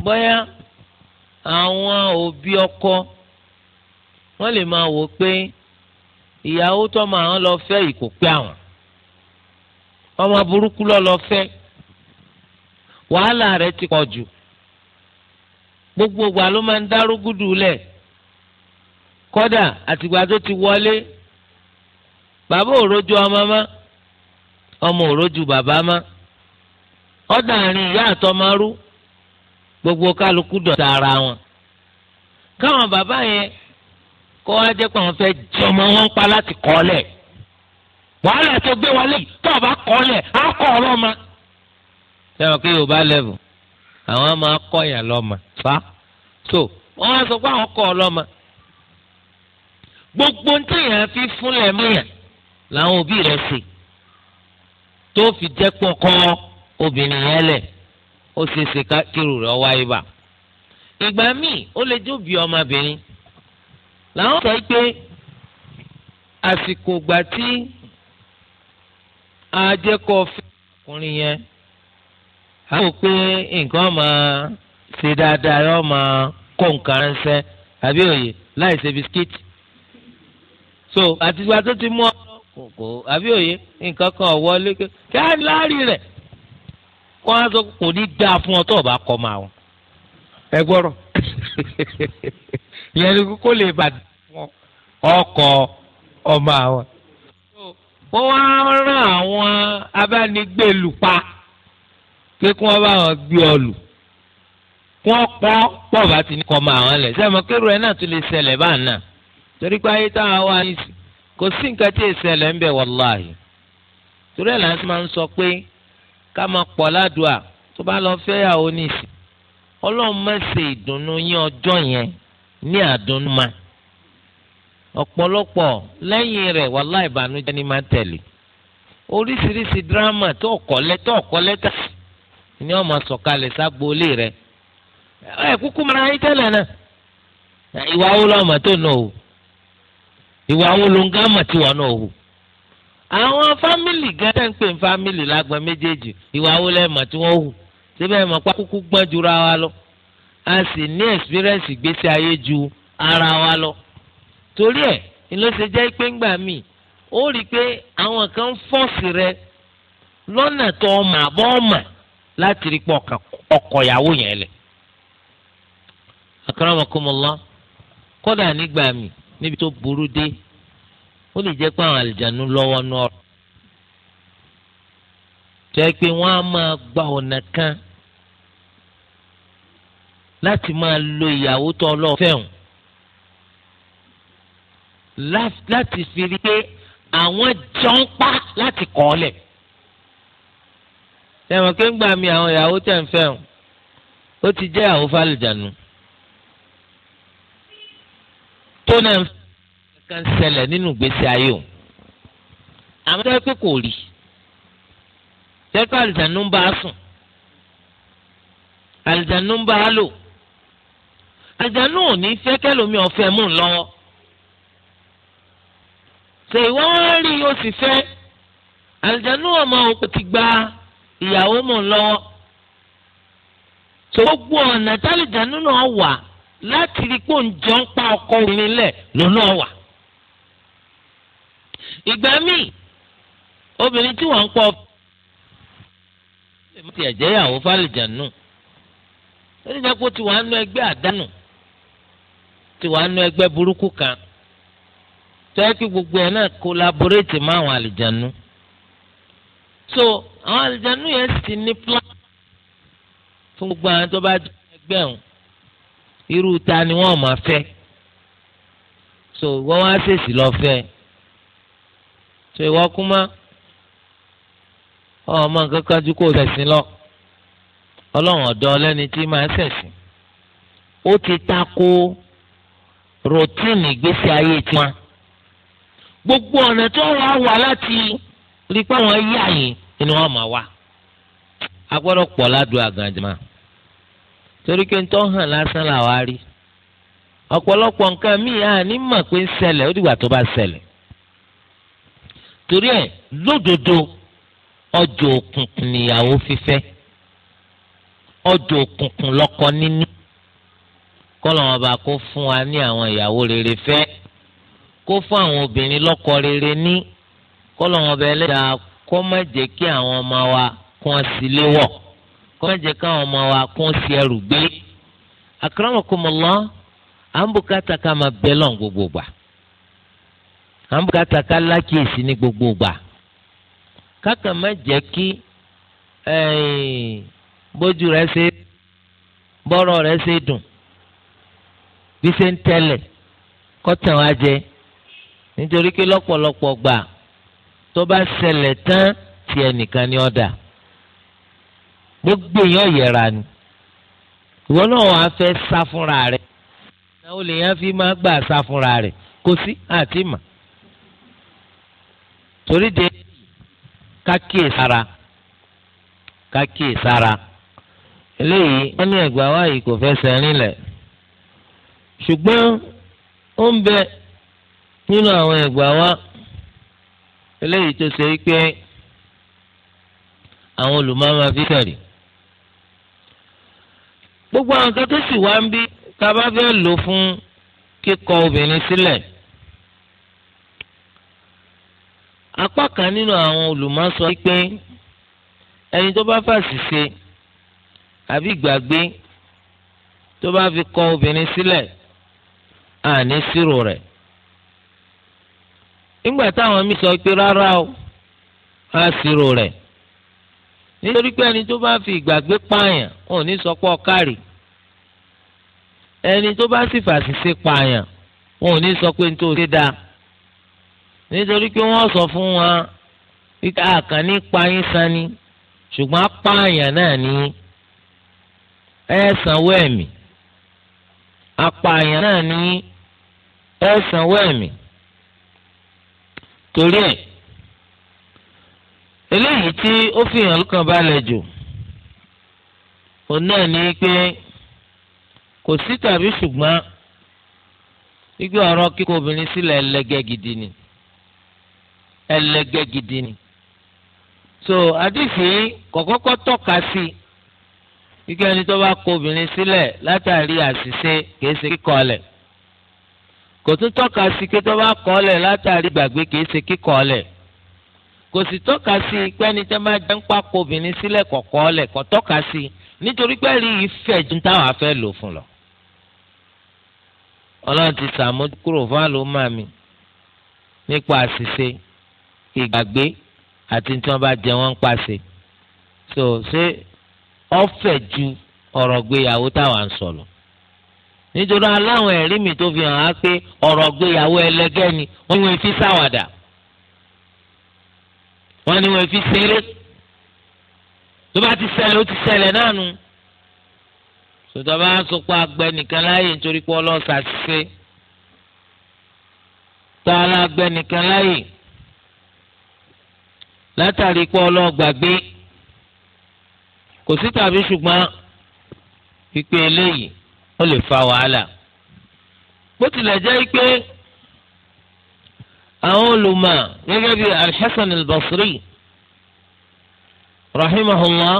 bóyá àwọn òbí ọkọ wọ́n lè máa wò pé ìyàwó tó máa ń lọ fẹ́ yìí kò pé àwọn ọmọ burúkú lọ lọ fẹ́ wàhálà rẹ̀ ti pọ̀ jù gbogbo ìgbà ló máa ń lẹ̀ kọ́dà àtìgbà tó ti wọlé bàbá òrojú ọmọ mọ́ ọmọ òrojú bàbá mọ́ ọ̀dà àárín ìyá àtọmọ́rú gbogbo kálukú dọ̀tá ara wọn káwọn bàbá yẹn kọ́ wá jẹ́ pé àwọn fẹ́ jẹ ọmọ wọn pa láti kọ́lẹ̀ wàhálà tó gbé wọlé tó o kọ́lẹ̀ á kọ́ ọ lọ́mọ. sẹ́wọ̀n kí yorùbá lẹ́bù àwọn máa kọ́ yàn lọ́mọ fa so wọ́n á sọ pé àwọn kọ́ ọ lọ́mọ gbogbo ń tẹ̀yàn fi fúnlẹ̀ mọ́yàn làwọn òbí rẹ̀ ṣe tó fi jẹ́ pọ́nkọ́ obìnrin yẹn lẹ̀ ó ṣe ṣe kírù rẹ̀ wáyé bá. ìgbà míì ó lè jóbi ọmọbìnrin làwọn sọ pé àsìkò ìgbà tí ajẹ́kọ̀ fẹ́ ọkùnrin yẹn á wò pé nǹkan máa ṣe dáadáa yóò máa ránṣẹ́ àbí òye láì ṣe bisikíìtì so àti ìgbà tó ti mú ọ kò àbí òye nǹkan kan ọ̀wọ́ léke kí á láàrin rẹ̀ kó wá sọ kò ní dáa fún ọ tó o bá kọ́ máa wọn. ẹ gbọ́rọ̀ ìyẹn ni kó lè bà ọkọ ọmọ àwọn. wọ́n wá rán àwọn abánigbèlú pa pé kí wọ́n bá wọn gbé ọ lù kí wọ́n pọ́ pọ̀ bá ti ní kọ́ máa wọn lẹ̀ sẹ́mi kérò ẹ̀ náà tún lè ṣẹlẹ̀ báà náà. torí pé ayé táwọn wá ní sí kò sí nǹkan tí ń bẹ torí là ń sọ máa ń sọ pé ká máa ládùúà tó bá lọ fẹ́ yàwó ma ọ̀pọ̀lọpọ̀ lẹ́yìn rẹ̀ ìbànújẹ́ ni máa tẹ̀lé oríṣiríṣi dírámà tó ọ̀kọ́ ọ̀kọ́ lẹ́tà ni ọmọ sọ̀kalẹ̀ ìwà àwọn olóńgámà tí wọn náà hù àwọn fámìlì gẹ́gẹ́ ń pè ní fámìlì lágbọn méjèèjì ìwà àwọn lẹ́ẹ̀mọ̀ tí wọ́n hù síbẹ̀ mọ̀ pa kúkú gbọ́n jura wa lọ a sì ní ẹ̀sìpírẹ́ǹsì gbèsè ayé ju ara wa lọ torí ẹ̀ ni ló jẹ́ pé ńgbà míì ó rí i pé àwọn kan ń fọ́ọ̀sì rẹ lọ́nà tó ọmọ àbọ̀ ọmọ láti rí pé ọkọ̀ ìyàwó yẹn lẹ̀. àkàràmọ̀kọ́mọ́lá kódà nígbà míì níbi tó burú dé ó lè jẹ́ pé àwọn àlìjánu lọ́wọ́ náà jẹ́ pé wọ́n á máa gba ọ̀nà kan láti máa lo ìyàwó tó ọlọ́fẹ́ hàn láti fi rí pé àwọn jọ ń pa láti kọ́ ọ lẹ̀ tẹ̀wọ̀n kéńgbà mi àwọn ìyàwó tẹ̀ ń fẹ́ hàn ó ti jẹ́ àwọn fàlìjànù tó náà kan ṣẹlẹ̀ nínú ìgbésí ayé o àmọ́ tẹ́ pé kò rí tẹ́ pé àlìjánu ń bá a sùn àlìjánu ń bá a lò àlìjánu ò ní fẹ́ kẹ́lòmí ọ̀fẹ́ mú un lọ́wọ́ ṣe ìwọ rí o sì fẹ́ àlìjánu ọmọ òkú ti gba ìyàwó mú un lọ́wọ́ ṣòwò gbọ́ ọ̀nà tálìjánu náà wà láti rí pò ń jọ ń pa ọkọ obìnrin lẹ̀ lọ́nà wà. ìgbà míì obìnrin tí wọ́n ń pọ̀ lè má tiẹ̀ jẹ́ ìyàwó fálìjànù lórí ìjọba tí wọ́n á nú ẹgbẹ́ àdánù tí wọ́n á ẹgbẹ́ burúkú kan tó kí gbogbo ẹ̀ náà kólaboréètì mọ́ àwọn àlìjànù so àwọn àlìjànù yẹn sì ní plan fún gbogbo àwọn tó bá jẹ́ ẹgbẹ́ ọ̀hún irú ta ni wọ́n máa fẹ́ so wọ́n wá ṣèṣì lọ fẹ́ so ìwọ kú mọ́ ọmọ nǹkan kan ju kó o ṣẹ̀sìn lọ ọlọ́run ọ̀dọ́ ọlẹ́ni tí máa ṣẹ̀sìn ó ti tako rotini ìgbésí ayé tiwọn gbogbo ọ̀nà tó wà wà láti rí pé àwọn yá yìí ni wọ́n máa wá a pọ̀ ládùúgbò àgànjẹmọ́ torí pé ntọ́ hàn lásán làwa rí ọ̀pọ̀lọpọ̀ nǹkan míì á ní mọ̀ pé ń ṣẹlẹ̀ ó dìgbà tó bá ṣẹlẹ̀ torí ẹ̀ lódodo ọjọ́ òkùnkùn níyàwó fífẹ́ ọjọ́ òkùnkùn lọ́kọ níní kọ́lọ̀ wọn bá kó fún wa ní àwọn ìyàwó rere fẹ́ kó fún àwọn obìnrin lọ́kọ rere ní kọ́lọ̀ bá ẹlẹ́dàá kó má jẹ́ kí àwọn ọmọ wa kún ọ sílé wọ̀ kó má jẹ́ káwọn ọmọ wa kún sí ẹrù gbé akramakumullah à ń bùkátà ká máa bẹ lọ́n gbogbo gbà à ń bùkátà ká lákìyèsí ní gbogbo gbà kákan má jẹ́ kí bójú rẹ̀ ṣe bọ́rọ̀ rẹ̀ ṣe dùn bí ṣe ń tẹ́lẹ̀ kọ́tàn wá jẹ nítorí pé lọ́pọ̀lọpọ̀ gbà tó bá ṣẹlẹ̀ tán tí ẹnìkan ní ọ̀dà gbogbo èèyàn yẹra ni ìwọ náà wàá fẹ́ sá fúnra rẹ̀ náà lè fi máa gbà sá fúnra rẹ̀ kó sí àti mà torí de kákìí sára kákìí sára eléyìí wọ́n ní ẹgbà wa yìí kò fẹsẹ̀ rinlẹ̀ ṣùgbọ́n ó ń bẹ nínú àwọn ẹgbà wa eléyìí tó ṣe é pé àwọn olùmọ̀ máa fi kẹrì gbogbo àwọn kan tó sì wá ń bí tá a bá fẹ́ lò fún kíkọ obìnrin sílẹ̀ apá kan nínú àwọn olùmọ̀sọ pé ẹni tó bá fàṣìṣe àbí gbàgbé tó bá fi kọ obìnrin sílẹ̀ àní sírò rẹ̀ nígbà táwọn mi sọ pé rárá o á sírò rẹ̀ nítorí pé ẹni tó bá fi ìgbàgbé pààyàn ò ní sọ pé ọkàrì ẹni tó bá sì fàṣìṣe pààyàn ò ní sọ pé nítorí ṣe dáa nítorí pé wọ́n sọ fún wa wípé àkànní pààyàn sani ṣùgbọ́n apààyàn náà ní ẹ sanwó ẹ̀mí apààyàn náà ní ẹ sanwó ẹ̀mí torí ẹ̀ eléyìí tí ó fi hàn lọ́kàn balẹ̀ jù òun náà ni pé kò sí tàbí ṣùgbọ́n gbígbé ọ̀rọ̀ kíkọ obìnrin sílẹ̀ ẹlẹ́gẹ́ gidi ni ẹlẹ́gẹ́ gidi ni so àdìsí kọ̀kọ́kọ́ tọ́ka sí gbígbé ẹni tó bá kọ obìnrin sílẹ̀ látàrí àṣìṣe kìí ṣe kíkọ ọ̀lẹ̀ kò tún tọ́ka sí pé tó bá kọ ọ̀lẹ̀ látàrí gbàgbé kìí ṣe kíkọ ọ̀lẹ̀ kò sì tọ́ka sí i pé ẹni tẹ́ máa jẹ́ ń papọ̀ obìnrin sílẹ̀ kọ̀ọ̀kọ́ lẹ̀ kọ́ tọ́ka sí i nítorí pé rí ìfẹ́ ju táwọn afẹ́ lò fún lọ. ọlọ́run ti sàmójúkúrò fún àlùmọ́ mi nípa àṣìṣe ìgbàgbé àti tí wọ́n bá jẹ wọ́n ń pàṣẹ. so ṣé ọ̀fẹ́ ju ọ̀rọ̀ gbéyàwó táwọn ń sọ̀rọ̀ nítorí aláwọn ẹ̀rí mi tó fi hàn á pé ọ̀rọ̀ gbéyàwó ẹlẹ́gẹ́ ni wọ́n ń fi sáwàdà wọ́n ní wọ́n fi ṣeré tó bá ti ṣẹlẹ̀ ó ti ṣẹlẹ̀ náà nu sọtọ́ bá sọpọ̀ agbẹ nìkan láàyè nítorí pé ọlọ́ọ̀sà ṣe tá a lágbẹ nìkan láàyè látàrí pé ọlọ́ọ̀gbàgbé kò sí tàbí ṣùgbọ́n pípé eléyìí ó lè fa wàhálà bó tilẹ̀ jẹ́ pé àwọn olùmọ̀ gẹ́gẹ́ bíi alḥasan albasri rahimahullah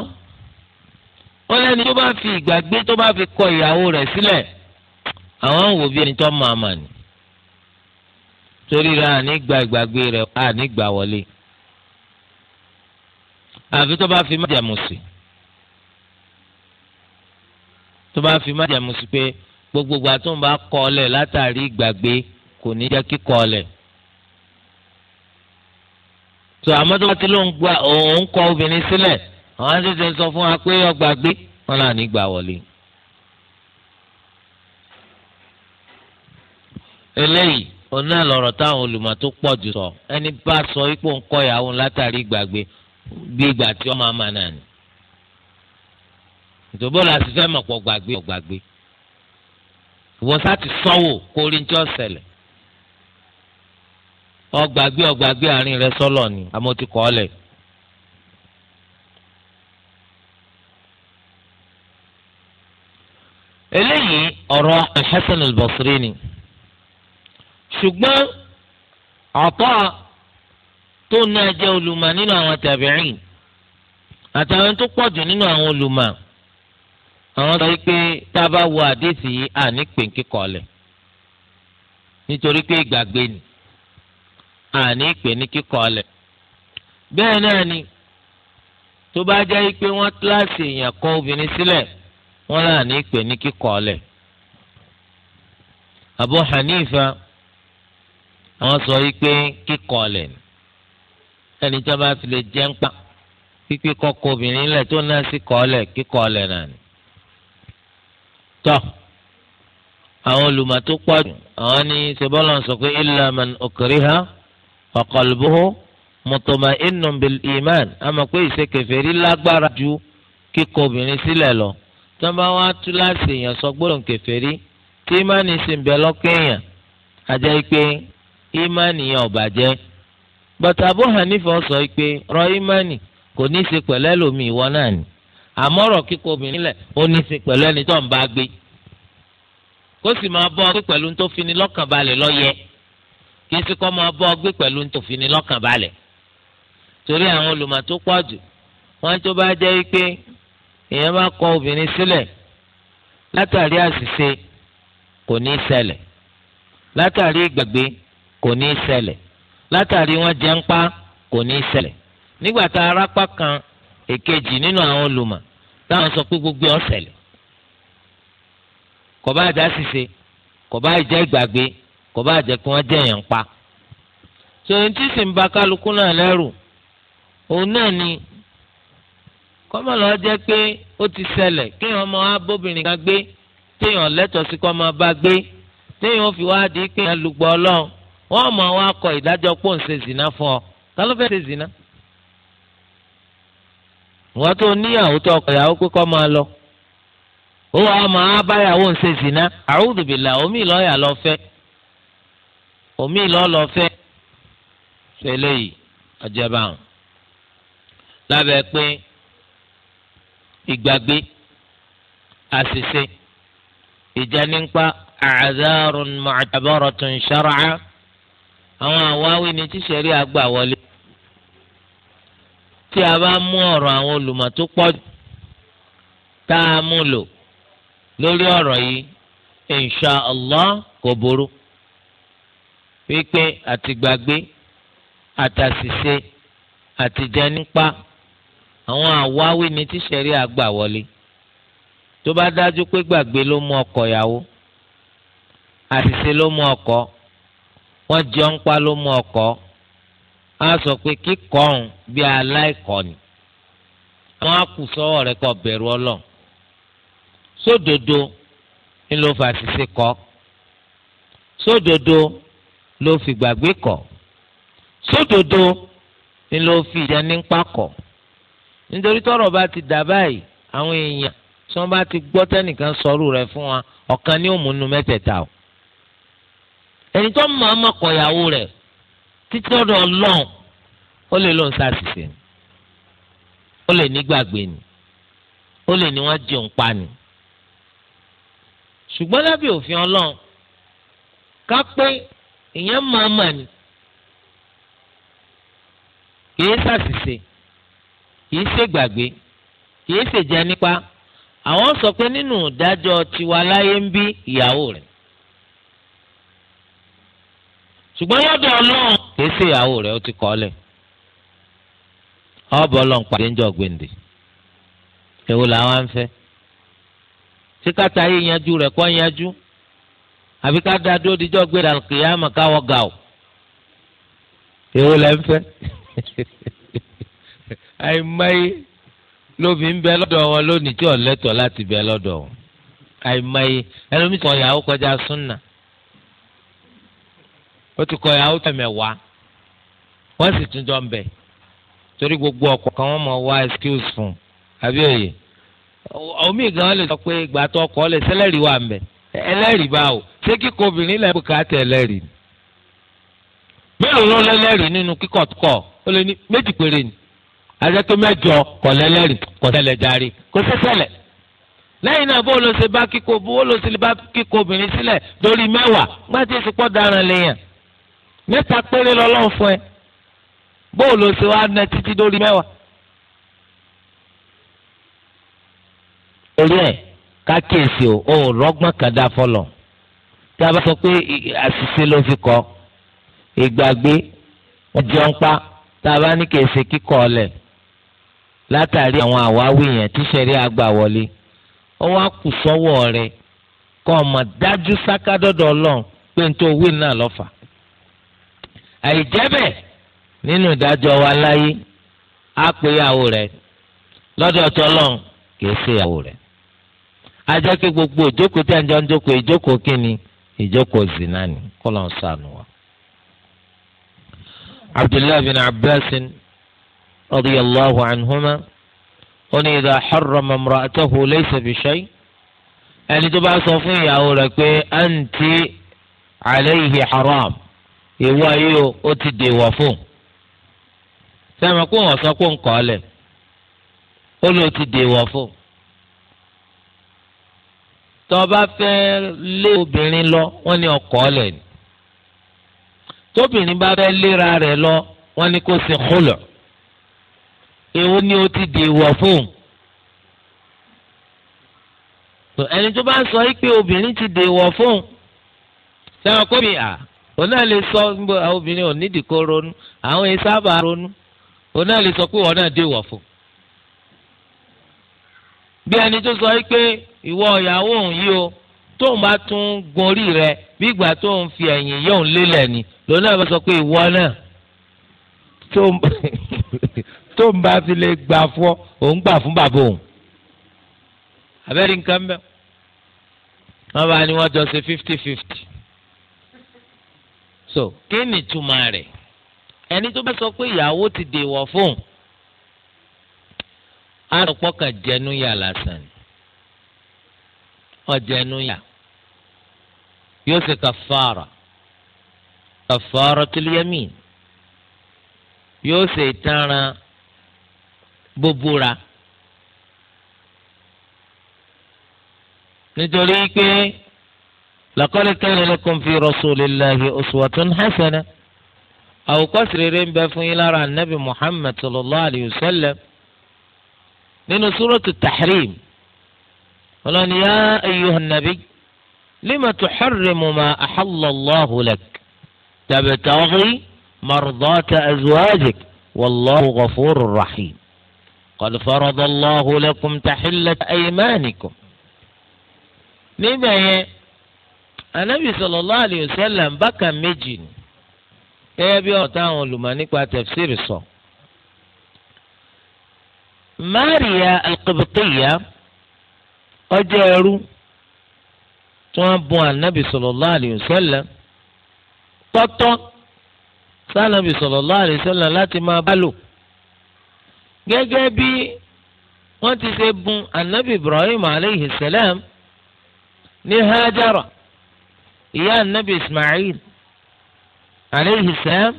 wọ́n lẹ́ni tó bá fi ìgbàgbé tó bá fi kọ ìyàwó rẹ̀ sílẹ̀ àwọn ń wò bí ẹni tó máa mà ní torí rẹ̀ àní gba ìgbàgbé rẹ̀ àní gbà wọlé àfi tó bá fi májàmú sí tó bá fi májàmú sí pé gbogbo àtúnbà kọ́ ọ lẹ̀ látàrí ìgbàgbé kò ní jẹ́ kíkọ́ ọ lẹ̀ tó àmọ́ tó bá ti ló ń gba òun kọ obìnrin sílẹ̀ àwọn àtẹ̀tẹ̀ sọ fún wa pé ọgbà gbé wọn là ní gbà wọlé. eléyìí oná lọ̀rọ̀ táwọn olùmọ̀ tó pọ̀ jù sọ ẹni bá sọ ipò ń kọ́ ìyàwó látàrí gbàgbé bí ìgbà tí ọmọ àmà náà ni. ìtòbó la fẹ́ mọ̀ pọ̀ gbàgbé ìwọ sá ti sanwó kó orí ọgbàgbé ọgbàgbé àárín rẹ sọlọ ni àmọ́ ti kọ́ lẹ̀. eléyìí ọ̀rọ̀ Hasan al-Basri ni ṣùgbọ́n ọ̀tọ́ tó náà jẹ́ olùmọ̀ nínú àwọn tàbíìn àtàwọn tó pọ̀jù nínú àwọn olùmọ̀ àwọn sọ pé tá a bá wo àdéhìí àní pèǹkì kọ́lẹ̀ nítorí pé ìgbàgbé ni àní ìpè ní kíkọ́ ọlẹ̀ bẹ́ẹ̀ náà ni tó bá jẹ́ pé wọ́n kíláàsì èèyàn kan obìnrin sílẹ̀ wọ́n náà ní ìpè ní kíkọ́ ọlẹ̀ Abu Hanifa àwọn sọ wípé kíkọ́ ọlẹ̀ ẹni tí wọ́n bá fi lè jẹ́ ń pa pípé kọ́kọ́ obìnrin lẹ̀ tó náà sì kọ́ ọlẹ̀ kíkọ́ ọlẹ̀ náà ni. tọ́ àwọn olùmọ̀ tó pọ̀ jù àwọn ní ṣe sọ pé illa man ukriha faqalbuhu mutma'innun bil iman àmọ́ pé ìṣe kèfèrí lágbára ju kíkọ̀ obìnrin sílẹ̀ lọ tí wọ́n bá wá tú láti èèyàn sọ gbọ́dọ̀ kèfèrí tí ìmánì sì ń bẹ lọ́kẹ́yàn àjẹ́ pé ìmánì yẹn ò bàjẹ́ bàtà Abu Hanifa sọ pé ọ̀rọ̀ ìmánì kò ní í ṣe pẹ̀lẹ́ lómi ìwọ náà ni àmọ́ ọ̀rọ̀ kíkọ̀ obìnrin lẹ̀ ó ní í ṣe pẹ̀lú ẹni tó ń bá gbé kó sì máa bọ́ ọ pé pẹ̀lú tó fi ni lọ́kàn lọ́yẹ̀ẹ́ kì í sì kọ́ máa bọ́ gbé pẹ̀lú ntòfin lọ́kàn balẹ̀ torí àwọn olùmọ̀ tó pọ̀ jù wọ́n tó bá jẹ́ pé èèyàn bá kọ obìnrin sílẹ̀ látàrí àṣìṣe kò ní í ṣẹlẹ̀ látàrí ìgbàgbé kò ní í ṣẹlẹ̀ látàrí wọn jẹ́ ń pa kò ní í ṣẹlẹ̀ nígbà tá a rápá kan èkejì nínú àwọn olùmọ̀ táwọn sọ pé gbogbo ó ṣẹlẹ̀ bá jẹ́ àṣìṣe kò bá jẹ́ ìgbàgbé kò bá jẹ́ kí wọ́n jẹ̀yàn pa. sọ̀rọ̀ tí sì ń ba kálukú náà lẹ́rù òun náà ni kọ́mọ lọ́ọ́ jẹ́ pé ó ti ṣẹlẹ̀ kéèyàn ọmọ abóbìnrin kan gbé téèyàn lẹ́tọ̀ọ́ sí kọ́mọ bá gbé téèyàn fi wá di kéèyàn lùgbọ́ ọlọ́run wọ́n mọ̀ wá kọ ìdájọ́ pò ń ṣe zina, fún ọ ká ló fẹ́ ṣe zìnà. wọ́n tó níyàwó tó ọkọ ìyàwó pé kọ́ máa lọ ó wàá máa báyàwó ń ṣe zìnà àrùdùbìlà omi ìlọ́yà lọ fẹ́ omi lọ́lọ́ fẹ́ fẹlẹ́ yìí ọjọba hàn lábẹ́ pé ìgbàgbé àṣìṣe ìjánípa àdárùn mu'tabaratun shar'a àwọn àwáwí ni tíṣẹ̀rí àgbà wọlé tí a bá mú ọ̀rọ̀ àwọn olùmọ̀ tó pọ̀ tá a mú lò lórí ọ̀rọ̀ yìí insha Allah kò burú wípé àtìgbàgbé àtàṣìṣe àtìjẹnipa àwọn àwáwí ni tíṣẹ̀rí àgbà wọlé tó bá dájú pé gbàgbé ló mú ọkọ ìyàwó àṣìṣe ló mú ọkọ wọ́n jẹ ń pa ló mú ọkọ á sọ pé kíkọ ọ̀hún bí aláìkọ ni wọ́n á kù bẹ̀rù Ọlọ́run sódodo ni ló kọ sódodo. So ló fi gbàgbé kọ̀ sódodo ni ló fi ìjà nípa kọ̀ nítorí tọ́rọ̀ bá ti dà báyìí àwọn èèyàn tí wọ́n bá ti gbọ́ tẹ́nìkan sọrú rẹ̀ fún wa ọ̀kan ní òmùnú mẹ́tẹ̀ẹ̀ta o ẹni tó mọ̀ ọmọ kọ̀yàwó rẹ̀ títí ọ̀dọ̀ ọlọ́run ó lè lóun ṣàṣìṣe ni ó lè nígbàgbé ni ó lè ní wọ́n jẹun pa ni ṣùgbọ́n lábẹ́ òfin ọlọ́run ká pé ìyẹn màmá ni kìí ṣàṣìṣe kìí ṣègbàgbé kìí ṣèjẹ nípa àwọn sọ pé nínú ìdájọ́ tiwa láyé ń bí ìyàwó rẹ̀ ṣùgbọ́n yọ́dọ̀ ọlọ́run kìí ṣe ìyàwó rẹ̀ ó ti kọ́ lẹ̀ ọ̀bọ̀ ọlọ́run pàdé ń jọ gbèǹde èwo làwọn á ń fẹ́ ṣé káta yìí yanjú rẹ̀ kọ́ yanjú. àbí ká da dúró dijọ́ gbé al-qiyama káwọ́ ga o èwo lẹ́ ń fẹ́ àìmọye lóbi ń bẹ lọ́dọ̀ wọn lónìí tí ọ̀lẹ́tọ̀ láti bẹ lọ́dọ̀ wọn àìmọye ẹlòmíì sọ ìyàwó kọjá súnà ó ti kọ ìyàwó tẹ̀mẹ̀wá wọ́n sì tún jọ ń bẹ̀ torí gbogbo ọkọ kan wọ́n mọ̀ wá excuse fún àbí òye omi gan lè sọ pé ìgbà tó ọkọ lè sẹ́lẹ̀rì wà ń bẹ̀ ẹlẹ́rìí báwo ṣé kíkọ obìnrin lẹ́ bùkátà ẹlẹ́rìí ni mélòó ló lẹ́lẹ́rìí nínú kíkọ̀ kọ̀ ó lé ní méjì péré ni àjẹpé mẹ́jọ kọ̀ lẹ́lẹ́rìí kọ̀ ṣẹlẹ̀ jàre kò ṣẹṣẹlẹ̀ lẹ́yìn náà bó ló ṣe bá kíkọ bó ló ṣe bá kíkọ obìnrin sílẹ̀ lórí mẹ́wàá gbá tí èsì dáran lèèyàn mẹ́ta péré lọ́lọ́run fún ẹ bó ló ṣe wá ná títí lórí mẹ́wàá. kákèsì o ò rọ́gbọ́n kan dá fọlọ̀ tí a bá sọ pé àṣìṣe ló fi kọ́ ìgbàgbé ọjọ jọ ń pa tá a bá ní kèsì kíkọ́ ọ̀lẹ̀ látàrí àwọn àwáwí yẹn tí sẹ́rí àgbà wọlé ó wá kù sọ́wọ́ rẹ̀ kọ́ ọmọ dájú sákádọ́dọ̀ ọlọ́run pé n tó wí náà lọ́fà àìjẹ́ bẹ́ẹ̀ nínú ìdájọ́ wa láyé á pé ìyàwó rẹ̀ kèsì ìyàwó rẹ̀ ajẹ́ pé gbogbo ìjókòó tí a ń jọ ń jókòó ìjókòó kínni ìjókòó zina ni kọ́lọ̀ ń sànù wa. abdullahi bin abbas radiyallahu anhuma ó ní idha harrama imra'atahu laysa bi shay ẹni tó bá sọ fún ìyàwó rẹ̀ pé anti alayhi haram ìwọ yìí ó ti dèwọ̀ fún sẹ́mi kó wọ́n sọ kó ń kọ́ ọ lẹ̀ ó ló ti dèwọ̀ fún tọba fẹ́ lé obìnrin lọ wọ́n ní ọkọ ọlẹ ni tóbìnrin bá fẹ́ léra rẹ̀ lọ wọ́n ní kó ṣe kólọ èwo ni o ti dè wọ fóun ẹni tó bá sọ yìí pé obìnrin ti dè wọ fóun sẹ́wọ̀n kó mi à òun náà lè sọ obìnrin ò nídìí kó ronú àwọn èyí sábà ronú òun náà lè sọ pé òun náà dè wọ fóun bí ẹni tó sọ pé ìwọ ìyàwó òun yìí o tóun bá tún gun orí rẹ̀ bí ìgbà tóun fi ẹ̀yìn yóò lélẹ̀ ni lòun náà bá sọ pé ìwọ náà tóun bá fi lè gbà fún òun gbà fún bàbá òun abẹ́rẹ́ nǹkan bẹ́ẹ̀ wọ́n bá ní wọ́n jọ ṣe fifty fifty so kí ni ìtumọ̀ rẹ̀ ẹni tó bá sọ pé ìyàwó ti dèwọ̀ fóun á sọ pọ́kàn jẹnu yà lásán ni ọjà ẹnu yà yóò ṣe kàfàrà kàfàratul yamin yóò ṣe ìtanràn búburà nítorí pé laqad kana lakum fi rasulillahi uswatun hasana àwòkọ́ṣe rere ń bẹ fún yín lára anabi muhammed sallallahu alayhi wa sallam nínú súrọ́tù tahrim. قال يا أيها النبي لم تحرم ما أحل الله لك تبتغي مرضات أزواجك والله غفور رحيم قد فرض الله لكم تحلة أيمانكم لماذا النبي صلى الله عليه وسلم بكى مجن ايه يا تاون لمانك تفسير الصوم ماريا القبطيه ọjọ́ ẹrú tí wọ́n bùn ànábì sallallahu alayhi wa sallam tọ́tọ́ sànábì sallallahu alayhi wa sallam láti máa bá lò gẹ́gẹ́ bí wọ́n ti ṣe bùn ànábì Ibrahim alayhi salam ní Hajara ìyá ànábì Ismail alayhi salam.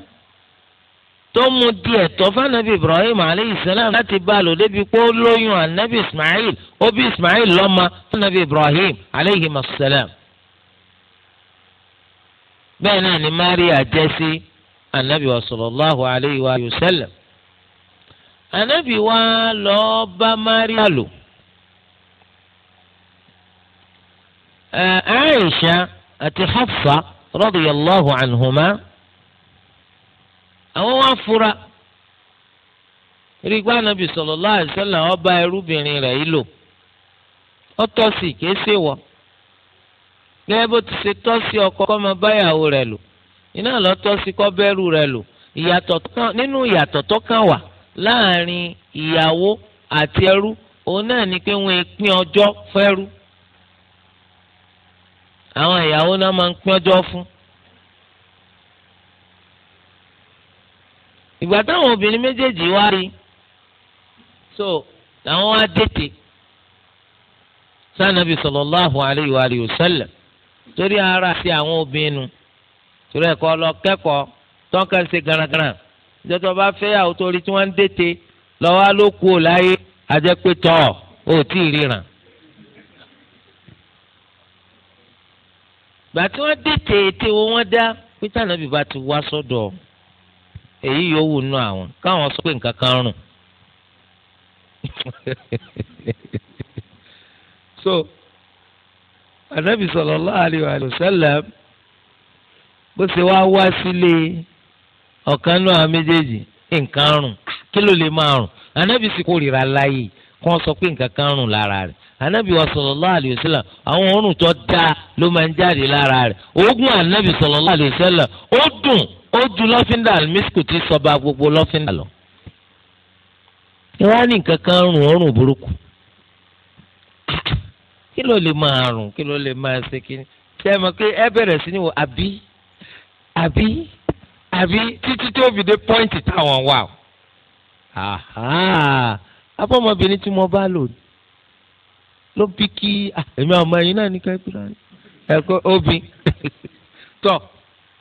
tó mú tọ́ ẹ̀tọ́ fànàbí ibrahim aleyhi salam láti bá a lò débi pé ó lóyún anabi ismail ó bí ismail lọ́mọ fànàbí ibrahim aleyhi aleyhisselam. bẹ́ẹ̀ náà ni maria jẹ́ sí anabi wa sallallahu alayhi wa sallam. anabi wa lọ bá maria lò. ẹ̀ ẹ́ ẹ̀ aisha àti hafsa radiyallahu anhuma. àwọn wá fura rí gbá ọba ẹrúbìnrin rẹ yìí lò ó tọ́ sí wọ gẹ́gẹ́ bó ti ṣe tọ́ sí ọkọ kọ́ máa báyàwó rẹ̀ lò iná lọ tọ́ sí kọ́ bẹ́rù lò ìyàtọ̀ nínú ìyàtọ̀ tó kàn wà láàrin ìyàwó àti ẹrú òun náà ni pé wọ́n pín ọjọ́ fẹ́rú àwọn ìyàwó náà máa ń pín ọjọ́ ìgbà táwọn obìnrin méjèèjì wá rí so làwọn wá dètè sànàbì sallallahu alayhi wa alihi wa sallam torí ara sí àwọn obìnrin nu torí ẹ̀kọ́ lọ kẹ́kọ̀ọ́ tọ́ka ṣe garagara ìjọba bá fẹ́ àwọn torí tí wọ́n ń dètè lọ́wọ́ ló kú ò láyé ajẹ́pẹ́tọ́ ò tí ì ríran. gbà tí wọ́n dètè ètè wọn dá pété ànábì bá ti wá sọ́dọ̀ ọ́ èyí yòówù nù àwọn káwọn sọ pé nǹkan kan rùn. so anabi sallallahu alaihi wa sallam bó ṣe wá wá sílé ọ̀kan náà àwọn méjèèjì nǹkan rùn kí ló lè máa rùn anabi sì kórìíra láàyè kó sọ pé nǹkan kan rùn lára rẹ̀ anabi wa sallallahu alaihi wa sallam àwọn òórùn tó dáa ló máa ń jáde lára rẹ̀ oògùn anabi sallallahu alaihi wa sallam ó dùn ó ju lọ́fíńdà mísíkù tí sọba gbogbo lọ́fíńdà lọ. ìwádìí nǹkan kan rùn ọrùn burúkú. kí ló lè máa rùn kí ló lè máa ṣe kí ni. ṣé ẹ mọ̀ pé ẹ bẹ̀rẹ̀ sí ni wò àbí àbí àbí títí tó fi dé pọ́ìntì táwọn wà o. abọ́mọbìnrin tí mo bá lò ló bí kí èmi ọmọ ẹ̀yin náà ní ká ẹ̀kọ́ obì tọ̀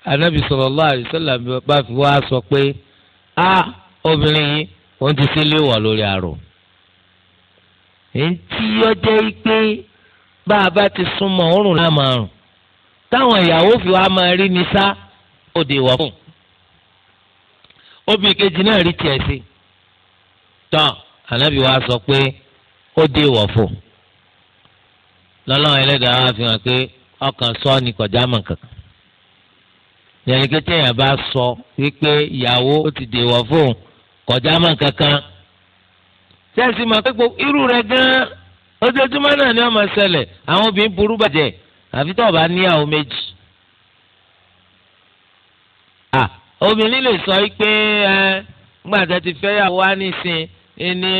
anabi sallallahu alaihi wasallam bá fi wá sọ pé a obìnrin yìí òun ti sílé wọ̀ lórí àrò ntí ọjọ́ yìí pé bá a bá ti súnmọ́ òórùn náà máa rùn táwọn ìyàwó fi wá máa rí ni sá òde ìwà fún obìnrin kejì náà rí tiẹ̀ sí tán ànábì wa sọ pé ó dé ìwà fún lọ́lọ́run ẹlẹ́dàá wa fi hàn pé ọkàn sọ ni kọjá mọ̀ kankan yẹn kí téèyàn bá sọ wípé ìyàwó ó ti dèwọ fóun kọjá mọ́ kankan sẹ́ẹ̀sì máa pé irú rẹ̀ gan-an ojoojúmọ́ náà ni wọ́n máa ṣẹlẹ̀ àwọn obìnrin burú bàjẹ́ àfi tó o bá níyàwó méjì. obìnrin lè sọ pé nígbà tá a ti fẹ́ yàwó wá nísìn ní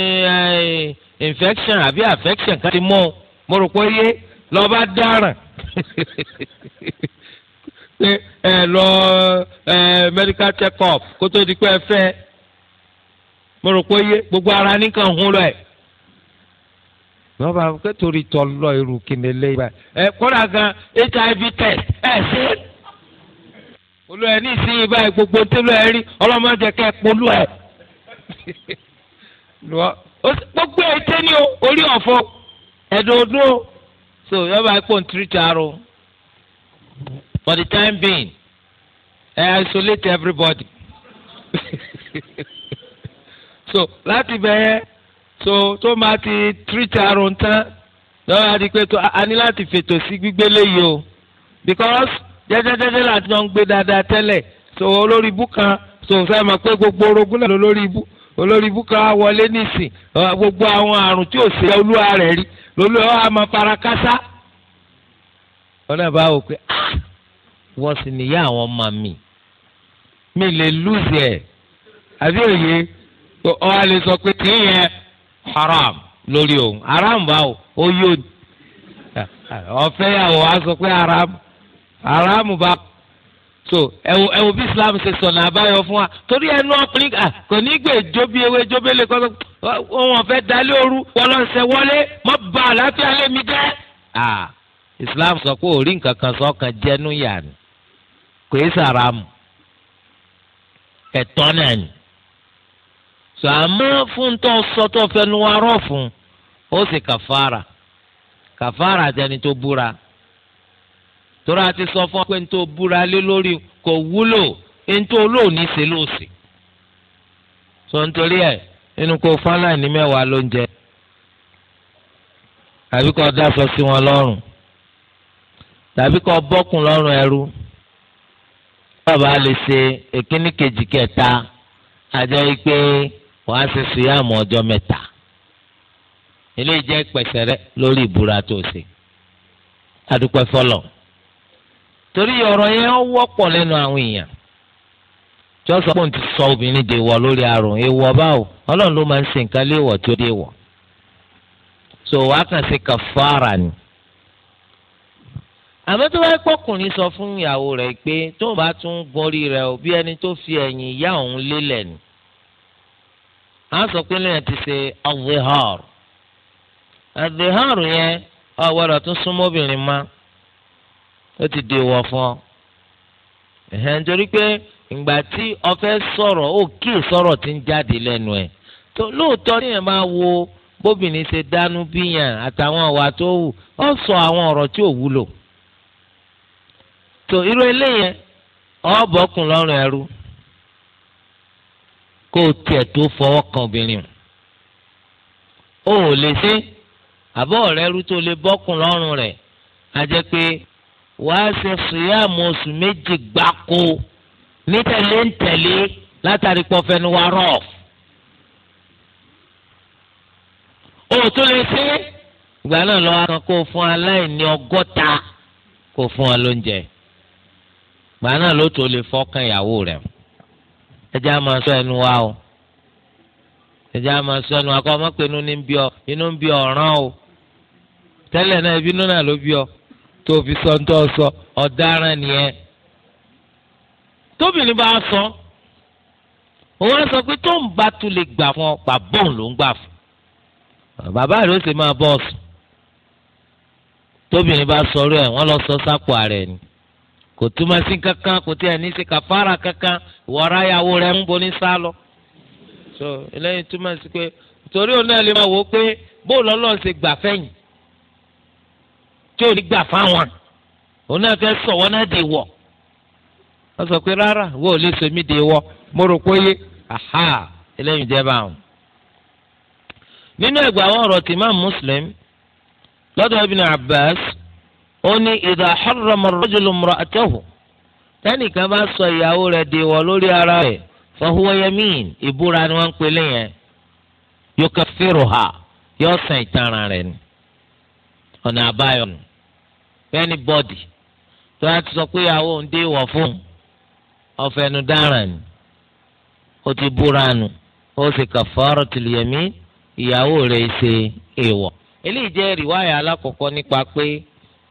infection àbí affection ká ti mọ́ o mo rò pé yé lọ́ọ́ dáràn pé ẹ lọ ẹ medical check up kó tó di pé ẹ gbogbo ara nìkan hun lọ ẹ wọ́n bá torí tọ́ lọ irú kíni lé ibà ẹ gan hiv test ẹ si. olú ẹ ní ìsinyìí báyìí gbogbo tí ló ẹ rí ọlọ́mọdé kẹ́ ẹ polú ẹ. gbogbo ẹ tẹ́ ní orí ọ̀fọ̀ so yọ́n bá pọ̀ ní for the time being I isolate everybody so láti bẹ́ẹ̀ so tó máa ti treat àrùn tán lọ́wọ́ àti pé a ní láti fètò sí gbígbé léyìí o because jẹ́jẹ́jẹ́jẹ́ láti wọ́n ń gbé dáadáa tẹ́lẹ̀ so olórí ibú kan so fẹ́ mọ̀ pé gbogbo orogún náà lórí ibú olórí ibú kan wọlé nísìn gbogbo àwọn àrùn tí ò sí olúwa rẹ̀ rí lórí ọ́ àmọ́ parakásá ọ̀nà ìbáwò pé ah wọ́n sì níyà àwọn ọmọ mi mi lè lùzì ẹ̀ àbí òye ọ lè sọ pé kì í yẹ haram lórí òun haram báwo ó yóò ọ̀fẹ́ yàwó a sọ pé haram haram bá so ẹwọ ẹwọ bí islam ṣe sọnà àbáyọ fún wa torí ẹnu ọkùnrin kò ní gbé jóbi ewé jóbélé kọ́ wọn fẹ́ dalé ooru wọn lọ wọlé mọ bá àlàáfíà lé mi jẹ́. islam sọ pé òrí nǹkan kan sọ ọkàn jẹnu yà kò é sàràmù ẹ̀tọ́ náà ni sọ àmọ́ fún tó sọtọ fẹnu arọ fún ó sì kàfàrà kàfàrà àtẹni tó búra torí a ti sọ fún ọ pé nítorí búra lé lórí kò wúlò nítorí olóòní ṣe lóòsì sọ nítorí ẹ nínú kó fọlá ní mẹ́wàá ló ń jẹ àbí kó sí wọn lọ́rùn tàbí kó bọ́kùn ẹrú bàbá lè ṣe èkíní kejì kẹta ajá yìí pé wàá ṣe sùyàmù ọjọ́ mẹ́ta ilé jẹ́ pẹ̀sẹ̀ rẹ lórí ìbúra tó ṣe adúpẹ́ fọlọ́ torí ọ̀rọ̀ yẹn ó wọ́pọ̀ lẹ́nu àwọn èèyàn tí wọ́n sọ pé òun ti sọ obìnrin dè lórí àrùn èèwọ̀ báwo ọlọ́run ló máa ń ṣe nǹkan léèwọ̀ tí ó so wàá kàn ṣe kàfàrà ni àmọ́ tó bá pọ́kùnrin sọ fún ìyàwó rẹ̀ pé tó bá tún gorí rẹ̀ ò bí ẹni tó fi ẹ̀yìn ìyá òun lélẹ̀ ni a sọ pé lẹ́yìn ti ṣe azihar azihar yẹn ọ̀wọ́dọ̀ tún súnmọ́ obìnrin ma ó ti dèwọ̀ fún ọ ẹ̀hẹ́n nítorí pé ìgbà tí o fẹ́ sọ̀rọ̀ ó kí sọ̀rọ̀ ti ń jáde lẹ́nu ẹ̀ tó lóòótọ́ níyẹn máa wo bóbìnrin ṣe dánú bíyàn àtàwọn ọ̀wà tó wù ó sọ àwọn ọ̀rọ̀ tí ò wúlò tó irú eléyẹn ọ̀bọ̀kùn lọ́rùn ẹrú kó o tiẹ̀ tó fọwọ́ kan obìnrin o ò lè ṣe àbọ̀ ọ̀rẹ́ rú tó lè bọ́kùn lọ́rùn rẹ̀ a jẹ́ pé wàá ṣe sùyàmù oṣù méjì gbáko nítẹ̀lé ńtẹ̀lé látàrí pọ̀fẹ́ni wa rọ̀ ò tó lè ṣe ìgbà náà lọ́wọ́ kan kó o fún aláìní ọgọ́ta kó o fún wa lóúnjẹ gbà náà ló tó lè fọkàn ìyàwó rẹ̀ ẹjẹ́ á máa sọ ẹnu wa o ẹjẹ́ á máa sọ ẹnu wa kọ́ ọmọkùnrin inú ní bí ọ inú ń bí ọ̀ràn o tẹ́lẹ̀ náà ibi inú náà ló bí ọ tó fi sọ ń tọ́ sọ ọ̀daràn nìyẹn tóbìnrin bá sọ òun á sọ pé tó ń bá tún lè gbà fún ọ pàbọ́n ló ń gbà fún bàbá rẹ̀ ó sì máa bọ́ ọ̀sùn tóbìnrin bá sọ ọ́ rẹ̀ lọ sọ sápò ara ẹ̀ kò túmọ̀ sí kankan kò tí ẹ̀ ní sí kàfàrà kankan ìwọ́ra ìyàwó rẹ̀ ń boni sá lọ. so eléyìí túmọ̀ sí pé torí òun náà lè máa wò ó pé bóòlù ọlọ́run ṣe gbà fẹ́yìn tí ò ní gbà fáwọn òun náà fẹ́ sọ̀wọ́ náà dè wọ̀ wọ́n sọ pé rárá wọ́n ò lè sọ mí dè wọ́ mo rò pé yé aha eléyìí jẹ́ bá wọn. nínú ẹgbẹ́ àwọn ọ̀rọ̀ tìmọ̀ Muslim lọ́dọ̀ Ibn Abbas ó ní idha harrama ar-rajulu tẹ́nìkan bá sọ ìyàwó rẹ̀ dèwọ̀ lórí ara rẹ̀ fa ìbúra ni wọ́n ń pelé yẹn yukaffiruha yóò san ìtanràn rẹ̀ ni ọ̀nà àbáyọ nù fẹ́ni bọ́dì tó a ti sọ pé ìyàwó ń dèwọ̀ fún ọ̀fẹ́nu dáràn ni ó ti búra nù ó sì kaffaratul yamin ìyàwó rẹ̀ ṣe èèwọ̀ eléyìí jẹ́ rìwáyà alákọ̀ọ́kọ́ nípa pé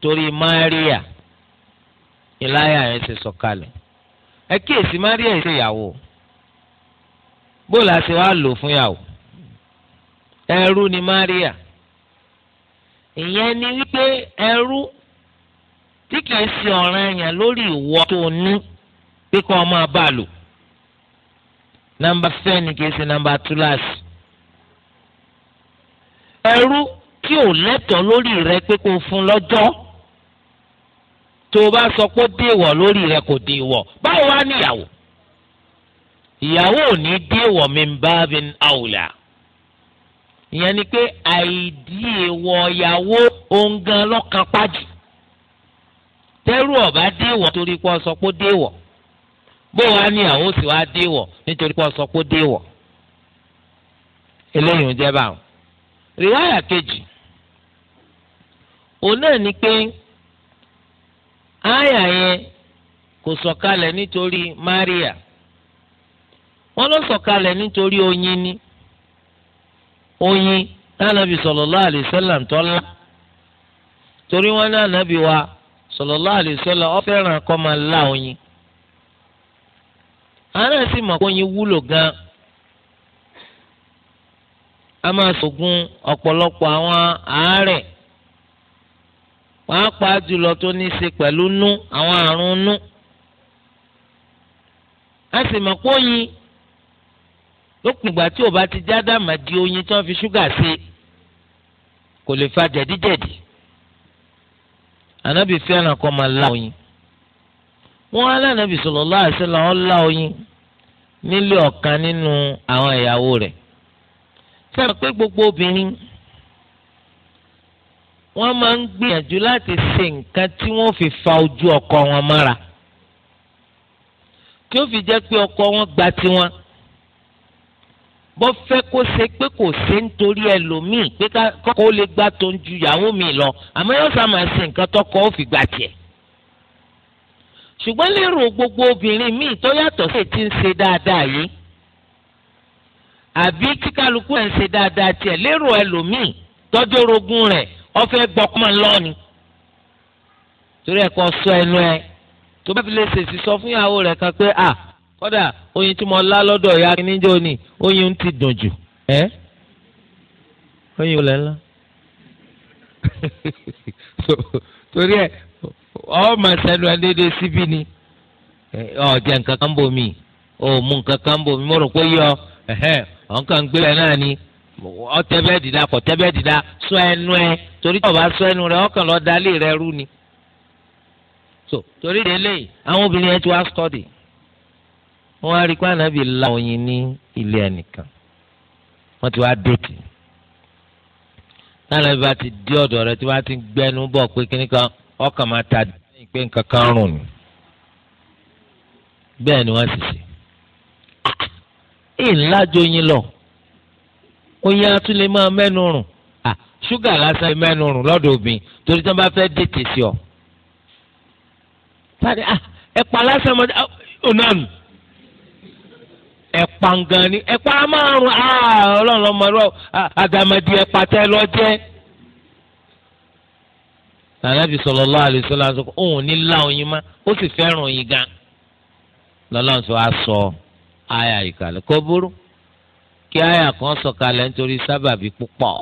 torí Maria ìláyà yẹn ti sọ̀kalẹ̀ ẹ kíyèsí Maria yìí ṣe ìyàwó bóòlù àti wàá lò fún yàwó ẹrú ni Maria ìyẹn ni wípé ẹrú tí kìí ṣe ọ̀ranyàn lórí ìwọ tó ní pé kó o máa bá a lò nàmbà fẹ́ni kìí ṣe nàmbà túláàsì ẹrú tí ò lẹ́tọ̀ọ́ lórí rẹ pé kó o fún lọ́jọ́ tó o bá sọ pé ó déèwọ̀ lórí rẹ kò déèwọ̀ báwo wá níyàwó ìyàwó ò ní déèwọ̀ min babin awla ìyẹn ni pé àìdíèwọ̀ ìyàwó òun gan lọ́kàn pàjù tẹ́rù ọ̀bá déèwọ̀ torí pé ó sọ pé ó déèwọ̀ bó wá níyàwó sì wá déèwọ̀ nítorí pé ó sọ pé ó eléyìí ń jẹ́ báwọn rìwáyà kejì òun náà ni pé. àyà yẹn kò sọ̀kalẹ̀ nítorí Maria wọn lọ sọ̀kalẹ̀ nítorí oyin ni oyin tánàbì sallallahu alaihi wasallam torí wọ́n ní ànábì wa sallallahu alaihi oyin sì mọ̀ oyin wúlò gan a máa ọ̀pọ̀lọpọ̀ àwọn pàápàá jùlọ tó ní í ṣe pẹ̀lú nú àwọn àrùn nú a sì mọ̀ pé oyin lópin ìgbà tí ò bá ti jádàmà di oyin tí wọ́n fi ṣúgà sí kò lè fa jẹ̀díjẹ̀dí ànábì fẹ́ràn kọ́ máa lá oyin wọ́n á lànàbì sallallahu alaihi wasallam lá oyin nílé ọ̀kan nínú àwọn ìyàwó rẹ̀ sẹ́wọ̀n pé gbogbo obìnrin wọ́n máa ń gbìyànjú láti ṣe nǹkan tí wọ́n fi fa ojú ọkọ wọn mọ́ra kí ó fi jẹ́ pé ọkọ wọn gba tiwọn bọ́ fẹ́ kó ṣe pé kò ṣe nítorí ẹlòmíì pé kọ́kọ́ ó lè gbá tó ń ju ìyàwó mi lọ àmọ́ yóò sá máa ṣe nǹkan tọkọ ó fi gbà tiẹ̀ ṣùgbọ́n lérò gbogbo obìnrin míì tó yàtọ̀ sí ti ń ṣe dáadáa yìí àbí tí kálukú ẹ̀ ń ṣe dáadáa tiẹ̀ lérò ẹlòmíì tọ́jú orogún rẹ̀ ọfẹ gbọ kó máa lọ ni torí ẹ kọ sọ ẹnu ẹ tó bá fi lè ṣèṣì sọ fún ìyàwó rẹ kan pé à kódà oyin tí mo lá lọ́dọ̀ ìyá kìíní jẹ́ òní oyin ń ti dùn jù ẹ́ oyin ò lẹ́ ńlá torí ẹ ọmọ sẹnu ẹ dédé síbí ni ọ jẹ nǹkan kan bomi ò mú nǹkan kan bomi mo rò pé yọ ọ̀hún kan gbé ẹ náà ni ọtẹ bẹ́ẹ̀ dìda kọtẹ bẹ́ẹ̀ dìda sọ ẹnu ẹ torí tí ọba sọ ẹnu rẹ ọkàn lọ dalé rẹ rú ni so torí délé àwọn obìnrin yẹn ti wá sọdì wọn á rí pé ànábì la oyin ní ilé ẹnìkan wọn ti wá déètì náà lẹbi bá ti dé ọ̀dọ̀ rẹ tí wọn ti gbẹnu bọ pé kíní kan ọkàn máa ta lẹ́yìn pé nǹkan kan rùn ni bẹ́ẹ̀ ni wọn sì ṣe ah, ìlàjọ yín lọ ó yá tún lè máa mẹ́nu rùn à ah, ṣúgà lásán lè mẹ́nu rùn lọ́dọ̀ obìnrin torí tí wọ́n bá fẹ́ dètè sí ọ. sáré à ah, ẹ̀pà lásán máa ah, ọ náà nù ẹ̀pà ngan ni ẹ̀pà máa rùn à ọlọ́run lọ́mọ rẹ àgàmọ̀dì ẹ̀pà tẹ lọ jẹ́. Ànábì sallallahu alaihi wasallam òun ní láwọn yín má ó sì fẹ́ràn yín gan lọ́lọ́run sọ á sọ ayé àyíká lẹ́kọ́ bóró kí àyà kan sọ̀kalẹ̀ nítorí sábàbí púpọ̀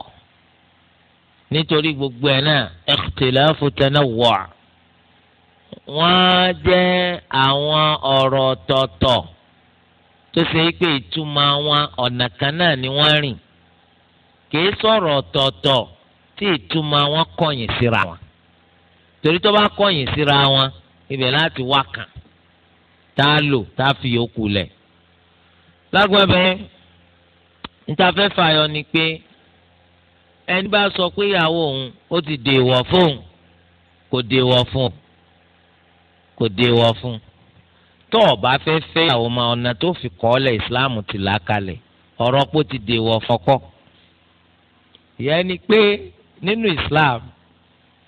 nítorí gbogbo ẹ̀ náà ikhtilafu tanawwu' wọ́n jẹ́ àwọn ọ̀rọ̀ ọ̀tọ̀ọ̀tọ̀ tó ṣe é pé ìtumọ̀ àwọn ọ̀nà kan náà ni wọ́n rìn kìí sọ̀rọ̀ ọ̀tọ̀ọ̀tọ̀ tí ìtumọ̀ àwọn kọ̀yìn síra wọn torí tó bá kọ̀yìn síra wọn ibẹ̀ láti wá kàn tá a lò tá a fi yòókù lẹ̀ lágbọ́n níta fẹ́ fàyọ ni pé ẹni bá sọ pé ìyàwó òun ó ti dèwọ̀ fóun kò dèwọ̀ fún kò dèwọ̀ fún tó o bá fẹ́ fẹ́ ìyàwó máa ọ̀nà tó fi kọ́ ìsìláàmù ti là kalẹ̀ ọ̀rọ̀ pé ó ti dèwọ̀ fọkọ́ ìyẹn ni pé nínú islam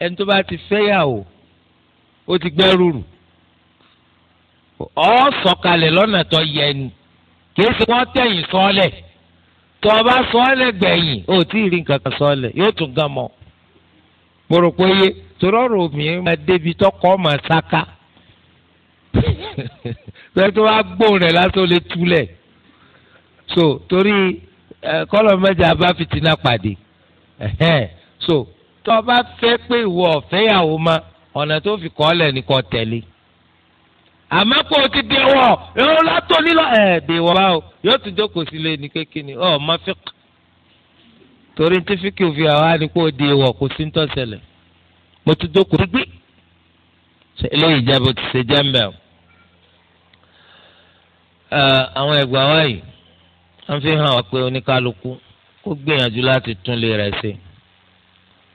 ẹni tó bá ti fẹ́ ìyàwó ó ti gbẹ́rù rù ọ́ sọ̀kalẹ̀ lọ́nà tó yẹ ni kì í ṣe wọ́n tẹ̀yìn sọ́ọ́lẹ̀. So tó o bá sọ ọ́ lẹ́gbẹ̀yìn o tí ì rí nǹkan kan sọ ọ́ lẹ̀ yóò tún gan mọ́ gbòòrò torọ́rọ̀ obìnrin máa débi tọkọ máa sáká pẹ̀lú tó bá gbóhùn rẹ̀ lásán lè túlẹ̀ so torí kọ́lọ̀ mẹ́jọ abá fìtínà pàdé so tó o bá fẹ́ pé ìwọ ọ̀fẹ́ yàwó ma ọ̀nà tó fi kọ́ ọ́ lẹ̀ ní kò tẹ̀lé àmọ́ kó o ti dé wọ̀ ẹ̀rọ látò nílò ẹ̀ dé wọ̀ báwo yóò tún jókòó sílé ní kékeré ọ̀ má fi kà torí tí fíkì òfin àwa ni kó o dé wọ̀ kó sí ń tọ́sẹ̀lẹ̀ mo ti jókòó gbé eléyìí jẹ́ bó ti ṣe jẹ́ o. àwọn ẹ̀gbọ́n wa yìí wọ́n fi hàn wá pé oníkálukú kó gbìyànjú láti túnlé rẹ̀ ṣe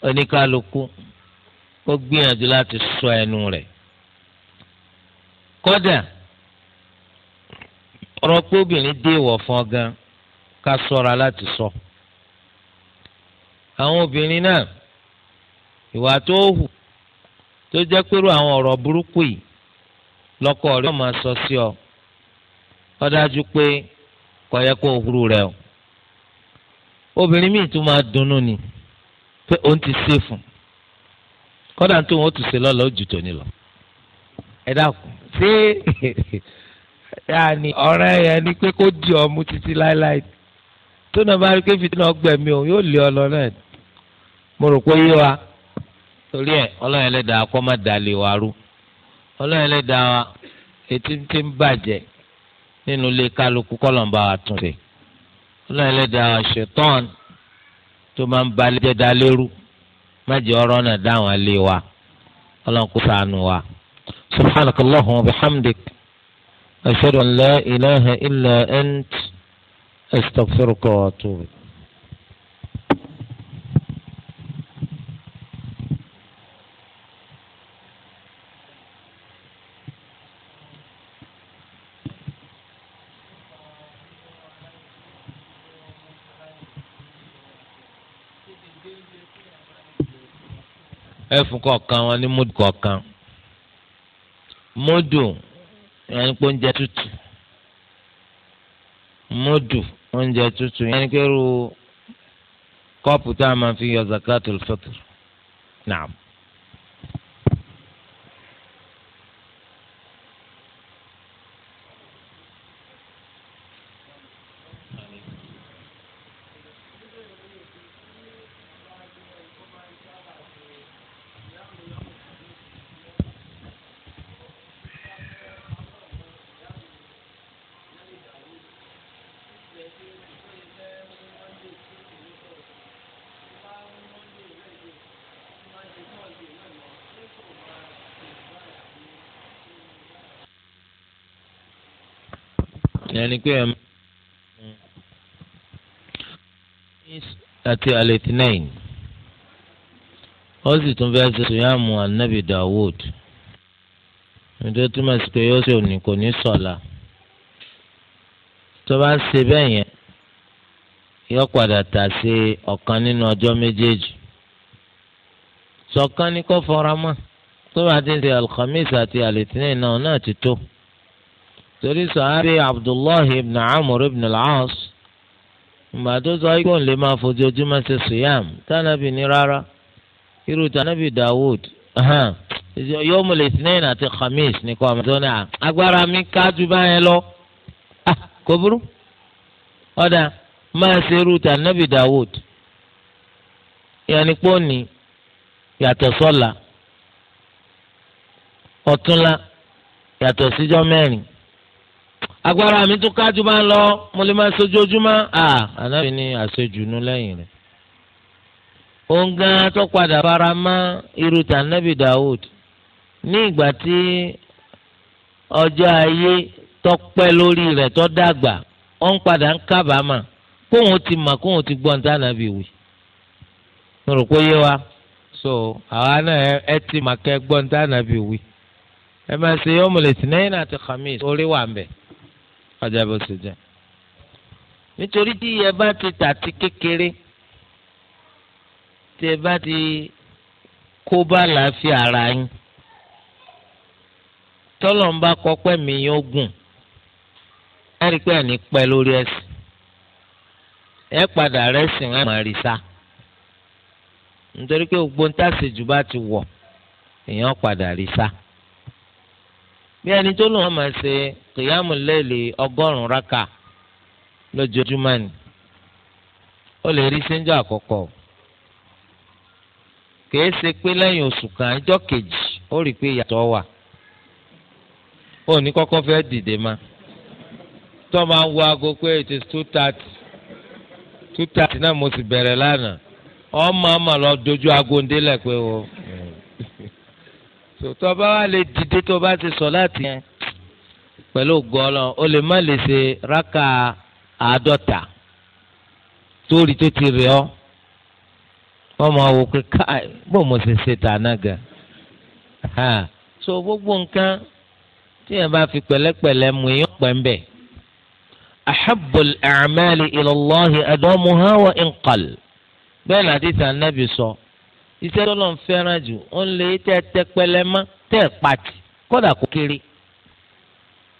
oníkálukú kó gbìyànjú láti sọ ẹnu rẹ̀ kódà ọ̀rọ̀ pé obìnrin dé ìwọ̀ fún ọ gan ká sọ́ra láti sọ. àwọn obìnrin náà ìwà tó hù tó jẹ́ pẹ̀lú àwọn ọ̀rọ̀ burúkú yìí lọ́kọ rẹ̀ máa sọ sí ọ. ó dájú pé kò yẹ kó hurú rẹ o. obìnrin míì tún máa dunnú ni pé òun ti ṣe fún kódà tó wọn ó tún ṣe lọ́la ó jù tòní lọ. ẹ dákun ṣé yaani yẹn ni pé kó di ọmú títí láéláé tó náà bá rí pé fìdí náà gbẹ̀mí òun yóò lé ọ lọ wa torí ẹ ọlọ́run kọ́ má dalẹ̀ wa rú wa etí ti ń bàjẹ́ nínú ilé kálukú wa tún ṣe ṣetán tó máa ń balẹ̀ jẹ́ má jẹ́ ọ̀rọ̀ náà dáhùn wa wa. سبحانك اللهم وبحمدك أشهد أن لا إله إلا أنت أستغفرك وأتوب إليك ẹ fún kọ̀ọ̀kan wọn ní mood kọ̀ọ̀kan. módù yẹn ni pé oúnjẹ tútù módù oúnjẹ tútù yẹn ni pé irú kọ́ọ̀pù tá a máa fi yọ zakatul fitr naam. ni pé ẹ àti alitinain ó sì tún fẹ́ ṣe sùyàmù anabi Dawud nítorí túmọ̀ sí pé yóò ṣe òní kò ní sọ̀la tó bá ṣe bẹ́ẹ̀ yẹn yóò padà tà sí ọ̀kan nínú ọjọ́ méjèèjì sọ̀kan ní kó fọra mọ́ tó bá dín sí alkhamis àti alitinain náà náà ti tó. torí sàárè abdullahi ibn amur ibn al-as ìgbà tó sọ ikú máa ṣe siyam tànàbì ní rárá irú tànàbì dawud yóò mú lè sinẹ́yìn àti khamis ní kọ́ àmọ́tọ́ni à agbára mi kájú báyẹn lọ ah, kò burú ọ̀dà máa ṣe irú tànàbì dawud ìyànnípò ní yàtọ̀ sọ́la ọ̀túnla yàtọ̀ síjọ́ mẹ́rin. agbára mi tún kájú bá ń lọ mo lè máa sojoojúmọ́ à ànábì ní àṣejùnú lẹ́yìn rẹ̀ òun gan tó padà fara mọ́ irú tànábì Dawud ní ìgbà tí ọjọ́ ayé tọpẹ́ lórí rẹ̀ tó dàgbà ó ń padà ń kábàámà kóun ti mà kóun ti gbọ́n tànábì wí mo rò pé yé wa so àwa náà ẹ ti mà kẹ́ gbọ́n tànábì wí ẹ máa ṣe yọmọlẹsì náírà àti khamis orí wà ń bẹ. ọjà bó ṣe jẹ nítorí tí ẹ bá ti tà tí kékeré tí ẹ bá ti kó bá làáfíà ara yín tọ́lọ̀ ń bá kọ́pẹ́ mi yín ó gùn ẹ rí i pé ẹ̀ní pẹ́ lórí ẹ̀sìn ẹ padà rẹ́sìn ẹ̀ máa rí nítorí pé gbogbo ń bá ti wọ̀ èèyàn padà rí sá. bí ẹni tó lò ma máa ṣe kìyàmù lẹ́ẹ̀lì ọgọ́rùn-ún rákà lójoojúmọ́ ni ó lè rí sẹ́ńjọ́ àkọ́kọ́ kìí ṣe pé lẹ́yìn oṣù kan ọjọ́ kejì ó rí i pé ìyàtọ̀ wà ó ní kọ́kọ́ fẹ́ dìde ma tó máa ń wo aago pé it is two thirty two thirty náà mo sì bẹ̀rẹ̀ lánàá ọmọ ma lọ dojú aago ń délẹ̀ pé o tó bá wà lè dìde tó bá ti sọ láti yẹn pẹ̀lú gọ́ọ̀lọ́ o lè má lè ṣe rákà àádọ́ta torí tó ti rẹ̀ ọ́ wọ́n máa wò pé káì bó mo ṣe ṣe tàná ga so gbogbo nǹkan tí yẹn bá fi pẹ̀lẹ́pẹ̀lẹ́ mu èèyàn pẹ̀ ń bẹ̀ ahabul a'mali ilallahi adamuha wa inqal bẹ́ẹ̀ ni àdìsí anábì sọ. So iṣẹ́ tọ́lọ̀ fẹ́ràn jù ń lè tẹ́ tẹpẹlẹ mọ́ tẹ́ pàtì kódà kó kéré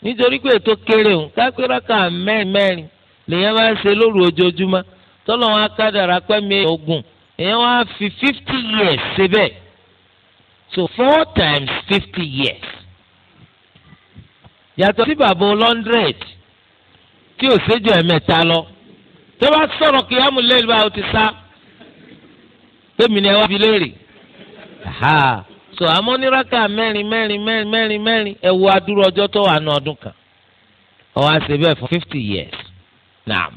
nítorí pé ètò kéré òun kápẹ́rọ́kà mẹ́rin mẹ́rin lèyàn máa ń ṣe lóru ojoojúmọ́ tọ́lọ̀ akádàrà pẹ́mi ogun èyàn wọn fi fifty years ṣe bẹ́ẹ̀ so four times fifty years yàtọ̀ sí bàbá olóńdrẹ́d tí ò séjò ẹ̀mẹ́ta lọ tó bá sọ̀rọ̀ kìyàmù lẹ́yìn báyìí ó ti sá sẹ́mi ni ẹ wá fi léèrè so àmọ́ níraka mẹ́rin mẹ́rin mẹ́rin mẹ́rin mẹ́rin ẹ wo adúrú ọjọ́ tó wà ní ọdún kan ó wá ṣe bẹ́ẹ̀ fún fifty years naam.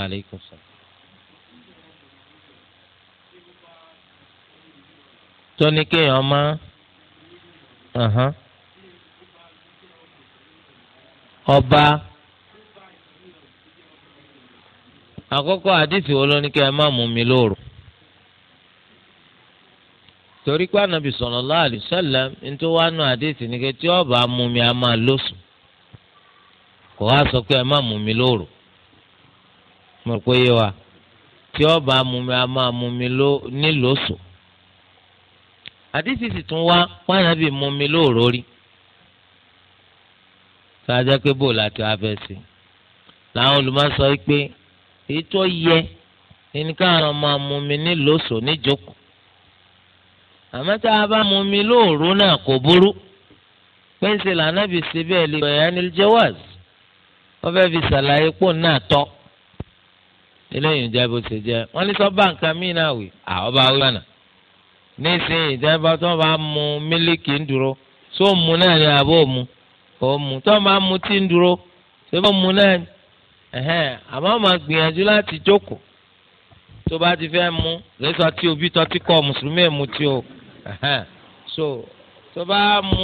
aleykum salaam. tó ní kéèyàn máa ọba. Uh -huh. Ọba. àkọ́kọ́ àdìsí wo ló ní kẹ́ ẹ má mú mi lóru. torí pé ànábì sallallahu alaihi wasallam nítorí wàá nù àdìsí ni kẹ́ tí ọba mú mi máa lóṣù kò wá sọ pé ẹ má mú mi lóru mo rò pé yé wa tí ọba mú mi máa mú mi àdìsí sì tún wá pé bò láti wá fẹ́ sí làwọn sọ pé. èyí tó yẹ ẹni káwọn ọmọ mu mi nílòsò níjókòó àmọ́ tá a bá mu mi lóòró náà kò burú pé ń ṣe lànà bí ṣe bẹ́ẹ̀ lè bẹ̀rẹ̀ ní jẹ́wọ́s wọ́n fẹ́ fi ṣàlàyé pò náà tọ́ eléyìí jẹ́ bó ṣe jẹ́ wọ́n ní sọ báǹkà míì náà wì àwọn bá wí lánàá nísìnyí ìjọba tó bá mu mílíkì ń dúró tó mu náà ni àbó mu ó mu tó bá mu tí ń dúró tó bá mu náà ẹ̀hẹ́n àmọ́ máa gbìyànjú láti jókòó tó bá ti fẹ́ mu lẹ́sọ̀ tí obi tọ́ ti kọ́ mùsùlùmí ẹ̀ mu tí o ẹ̀hẹ́n so tó bá mu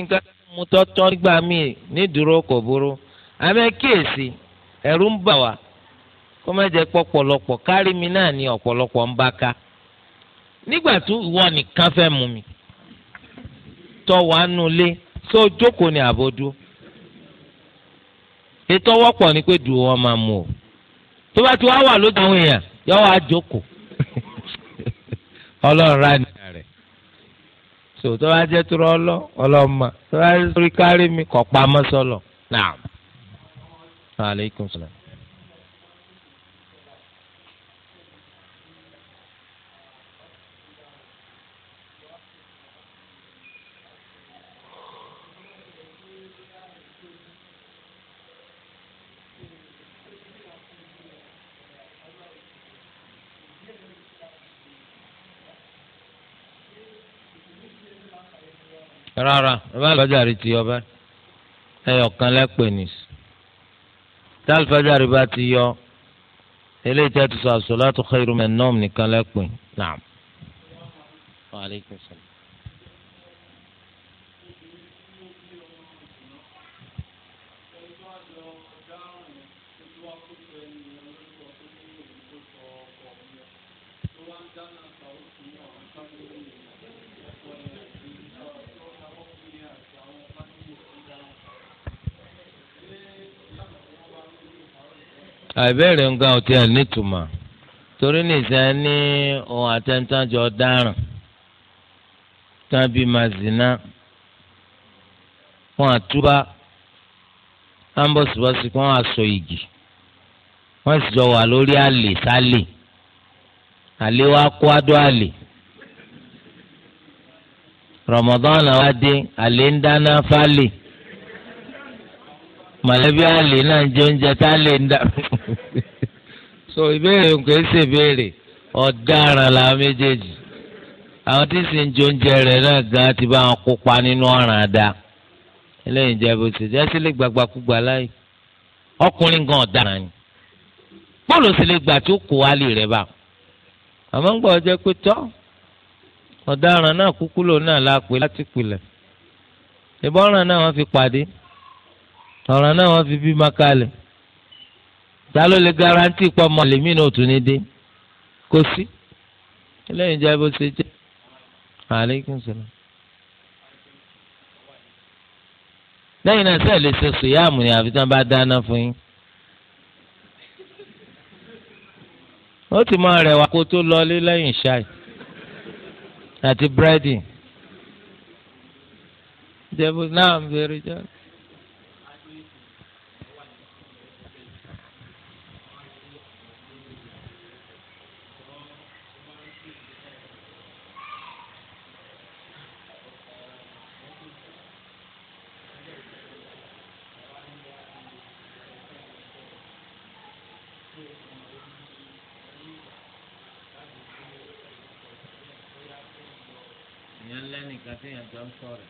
nǹkan mu tọ́tọ́ nígbà míì nídúró kò burú àmọ́ kíyèsí ẹ̀rù ń bà wá kó má jẹ́ pọ̀pọ̀lọpọ̀ kárí mi náà ní ọ̀pọ̀lọpọ̀ ń bá ká nígbà tó ìwọ nìkan fẹ́ mu mi tọ́ wàá nulẹ̀ sọ jókòó ni àbòdúró. ètò wọ́pọ̀ ni pé dùn wọn máa mú o tó bá ti wá wà lójú àwọn èèyàn yóò wá jókòó ọlọ́run rà ní rẹ̀ so tó bá jẹ́ turọ́ ọlọ́ ọlọ́mọ tó bá rí kárí mi kọ̀ pamọ́ sọlọ naam rárá ọba àlùfájàrí ti ọba ẹyọkan lẹ́pẹ̀ ní. tí àlùfájàrí bá ti yọ eléyìí tẹ́ ti sọ as-salatu khairum min an-nawm nìkan lẹ́pẹ̀ náà. àìbẹ̀rẹ̀ nǹkan ọ̀tí ẹ̀ nítumọ̀ torí nìṣẹ́ ní ohun àtẹ̀ntàjọ dáràn tábí màzínà wọn àtúbà ambọ̀sibọ̀sì kí wọ́n aṣọ igi wọ́n sì jọ wà lórí àlè sálè àlè wa kó adó àlè Ramadan wa dé àlè ń dáná fálè mọ̀lẹ́bí àlè náà jẹ oúnjẹ tá a lè ń dà so ìbéèrè kò é ṣe béèrè ọ̀daràn làwọn méjèèjì àwọn tí sì ń jẹ oúnjẹ rẹ̀ náà gan ti bá wọn kópa nínú ọ̀ràn àdá eléyìí jẹ bó ṣe jẹ sílé gbàgbàkúgbà láì ọkùnrin gan ọ̀daràn ni bọ́ọ̀lù sì lè gbà tí ó kó àlè rẹ̀ bá àmọ́ ń ọjọ́ pé tọ́ ọ̀daràn náà kúkú lòun náà lápè láti pilẹ̀ ìbọn ọ̀ràn náà wọ́n fi pàdé ọ̀ràn náà wọ́n fi bí makalẹ̀ ta ló lè garanti pọ̀ mọ́ lèmi náà tún ní dé kò sí eléyìí jẹ́ bó ṣe jẹ́ aleykum salaam. lẹ́yìn náà sẹ́ẹ̀ lè ṣe sùyàmù ni àfi tí wọ́n bá dáná fún yín. ó ti máa rẹwà kó tó lọlé lẹ́yìn ṣáì àti búrẹ́dì. ìjẹ́bù náà ń bẹ̀rẹ̀ jáde. téèyàn jọ ń sọ̀rọ̀.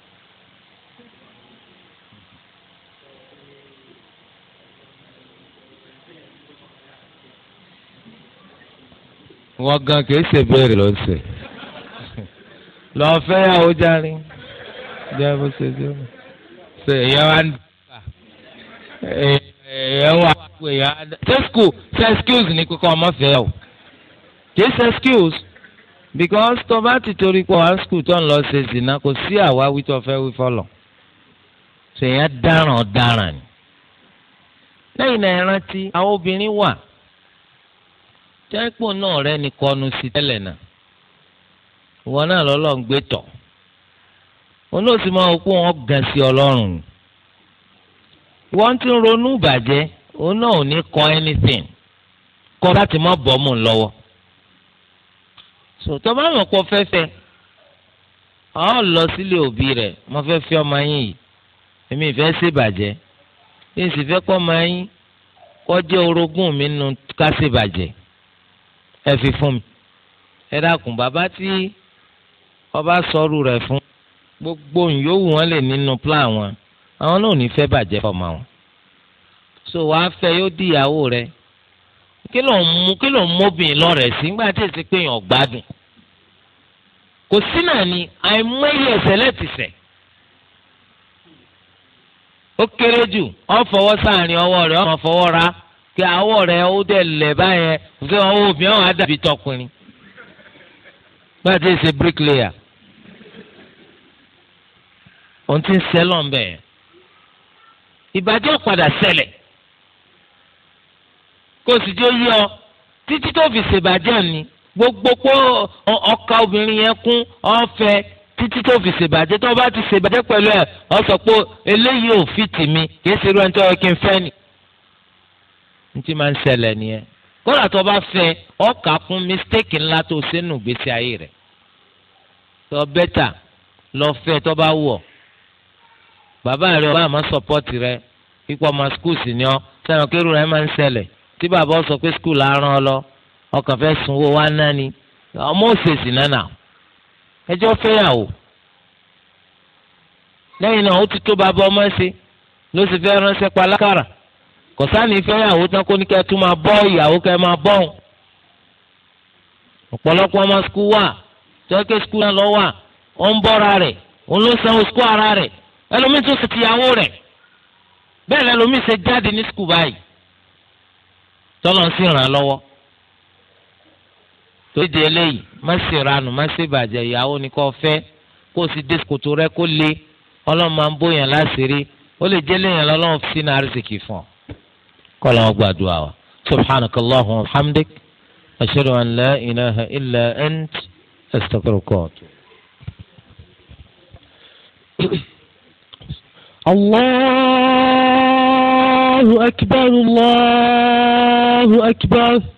wọ́n gan kì í ṣe béèrè ló ń ṣe lọ́ọ́ fẹ́ yàwó járe jẹ́ bó ṣe jẹ́ bó ṣe èèyàn wá ń dùkà èèyàn wá èèyàn ṣe skul ṣe excuse ní kíkọ́ ọmọ fẹ́ o kì í ṣe excuse because tó bá ti torí pé wàá skul tó ń lọ ṣe zina kò sí àwa wí tó fẹ́ wí fọlọ̀ ṣèyàn dáràn ọ̀daràn ni lẹ́yìn náà rántí àwọn obìnrin wà tẹ́pọ̀ náà rẹ ní kọnu sí tẹ́lẹ̀ náà ìwọ náà lọ́lọ́ ń gbé tọ̀ òun náà sì máa kó wọn gan sí ọlọ́run ìwọ ti ronú ìbàjẹ́ òun náà ò ní kọ anything kọ́ láti má bọ́ mọ́ lọ́wọ́ sòtọ́ bá mọ̀ kó fẹ́fẹ́ ọ lọ sílé òbí rẹ̀ mo fẹ́ fi ọmọ yín yìí èmi ìfẹ́ ṣèbàjẹ́ èmi sì fẹ́ kọ́ ọmọ yín kọjá orogún mi nu ká ṣèbàjẹ́ ẹ fi fún mi ẹ dákun bàbá tí ọba sọrù rẹ̀ fún gbogbo yòówù wọn lè nínú plan wọn àwọn náà ò ní fẹ́ bàjẹ́ fọmọ wọn so wàá fẹ́ yóò di ìyàwó rẹ̀ kí ló ń mú kí ló ń móbìnrin lọ́rẹ̀ sí nígbà tí èsì pé èèyàn gbádùn kò sí náà ni àìmọye ẹ̀ṣẹ̀ lẹ́tìṣẹ̀ ó kéré jù ó fọwọ́ sáàrin ọwọ́ rẹ̀ ó fọwọ́ ra kí àwọ̀ rẹ̀ ó dẹ̀ lẹ̀ báyẹn ṣé wọn ò bí wọn á dàbí tọkùnrin nígbà tí èsì bricklayer òun ti ń sẹ́lọ̀ ń bẹ̀ yẹn ìbàjẹ́ padà ṣẹlẹ̀ kó o sì yí ọ títí tó fi ṣèbàjẹ́ mi gbogbo pé ọkà obìnrin yẹn kún ọ̀fẹ́ títí tó fi ṣèbàjẹ́ tó bá ti ṣèbàjẹ́ pẹ̀lú ẹ̀ ọ sọ pé eléyìí ò fi tì mí kì í ṣe irú ẹni tó yẹ kí n fẹ́ ni. n ti máa ń ṣẹlẹ̀ nìyẹn kódà tó bá fẹ́ ọkà kún mistake ńlá tó sínú gbèsè ayé rẹ̀ tó bẹ́tà lọ fẹ́ tó bá wọ̀ bàbá rẹ̀ ọba àmọ́ rẹ̀ ikú ọmọ ni ọ sẹ́wọ̀n rẹ̀ máa ń ṣẹlẹ̀ tí bàbá ọ sọ pé skul aràn ọ lọ ọkàn fẹ́ sunwó wa náà ni ọmọ òṣèṣì nánà ẹjọ́ fẹ́yàwó lẹ́yìn náà ó ti tó bàbá ọmọ ẹ̀sìn ló sì fẹ́ ránṣẹ́ palákàrà kò sáni fẹ́yàwó tán kó ní kẹ́ ẹ tún máa bọ́ ìyàwó kẹ́ ẹ máa bọ́ òun ọ̀pọ̀lọpọ̀ ọmọ skul wà tọ́kẹ́ skul náà lọ wà ó ń bọ́ra rẹ̀ òun ló sanwó skul ara rẹ̀ ẹlòmíín tún sì tìyàwó rẹ̀ bẹ́ẹ̀ lẹ́lòmíín ṣe jáde ní skul báyìí tọ́lọ̀ ń sì ràn án lọ́wọ́ torí di eléyìí má sì ranù má sì bàjẹ́ ìyàwó ni kò fẹ́ kó o sì dé kòtò rẹ kó le ọlọ́run máa ń bóyàn láṣìírí ó lè jẹ́ léyìn lọ́lọ́run sínú àrísìkì fún ọ kọ́ làwọn gbàdúrà wa subhanakallahumma wa hamdik ashhadu an la ilaha illa ant astaghfiruka الله الله أكبر الله أكبر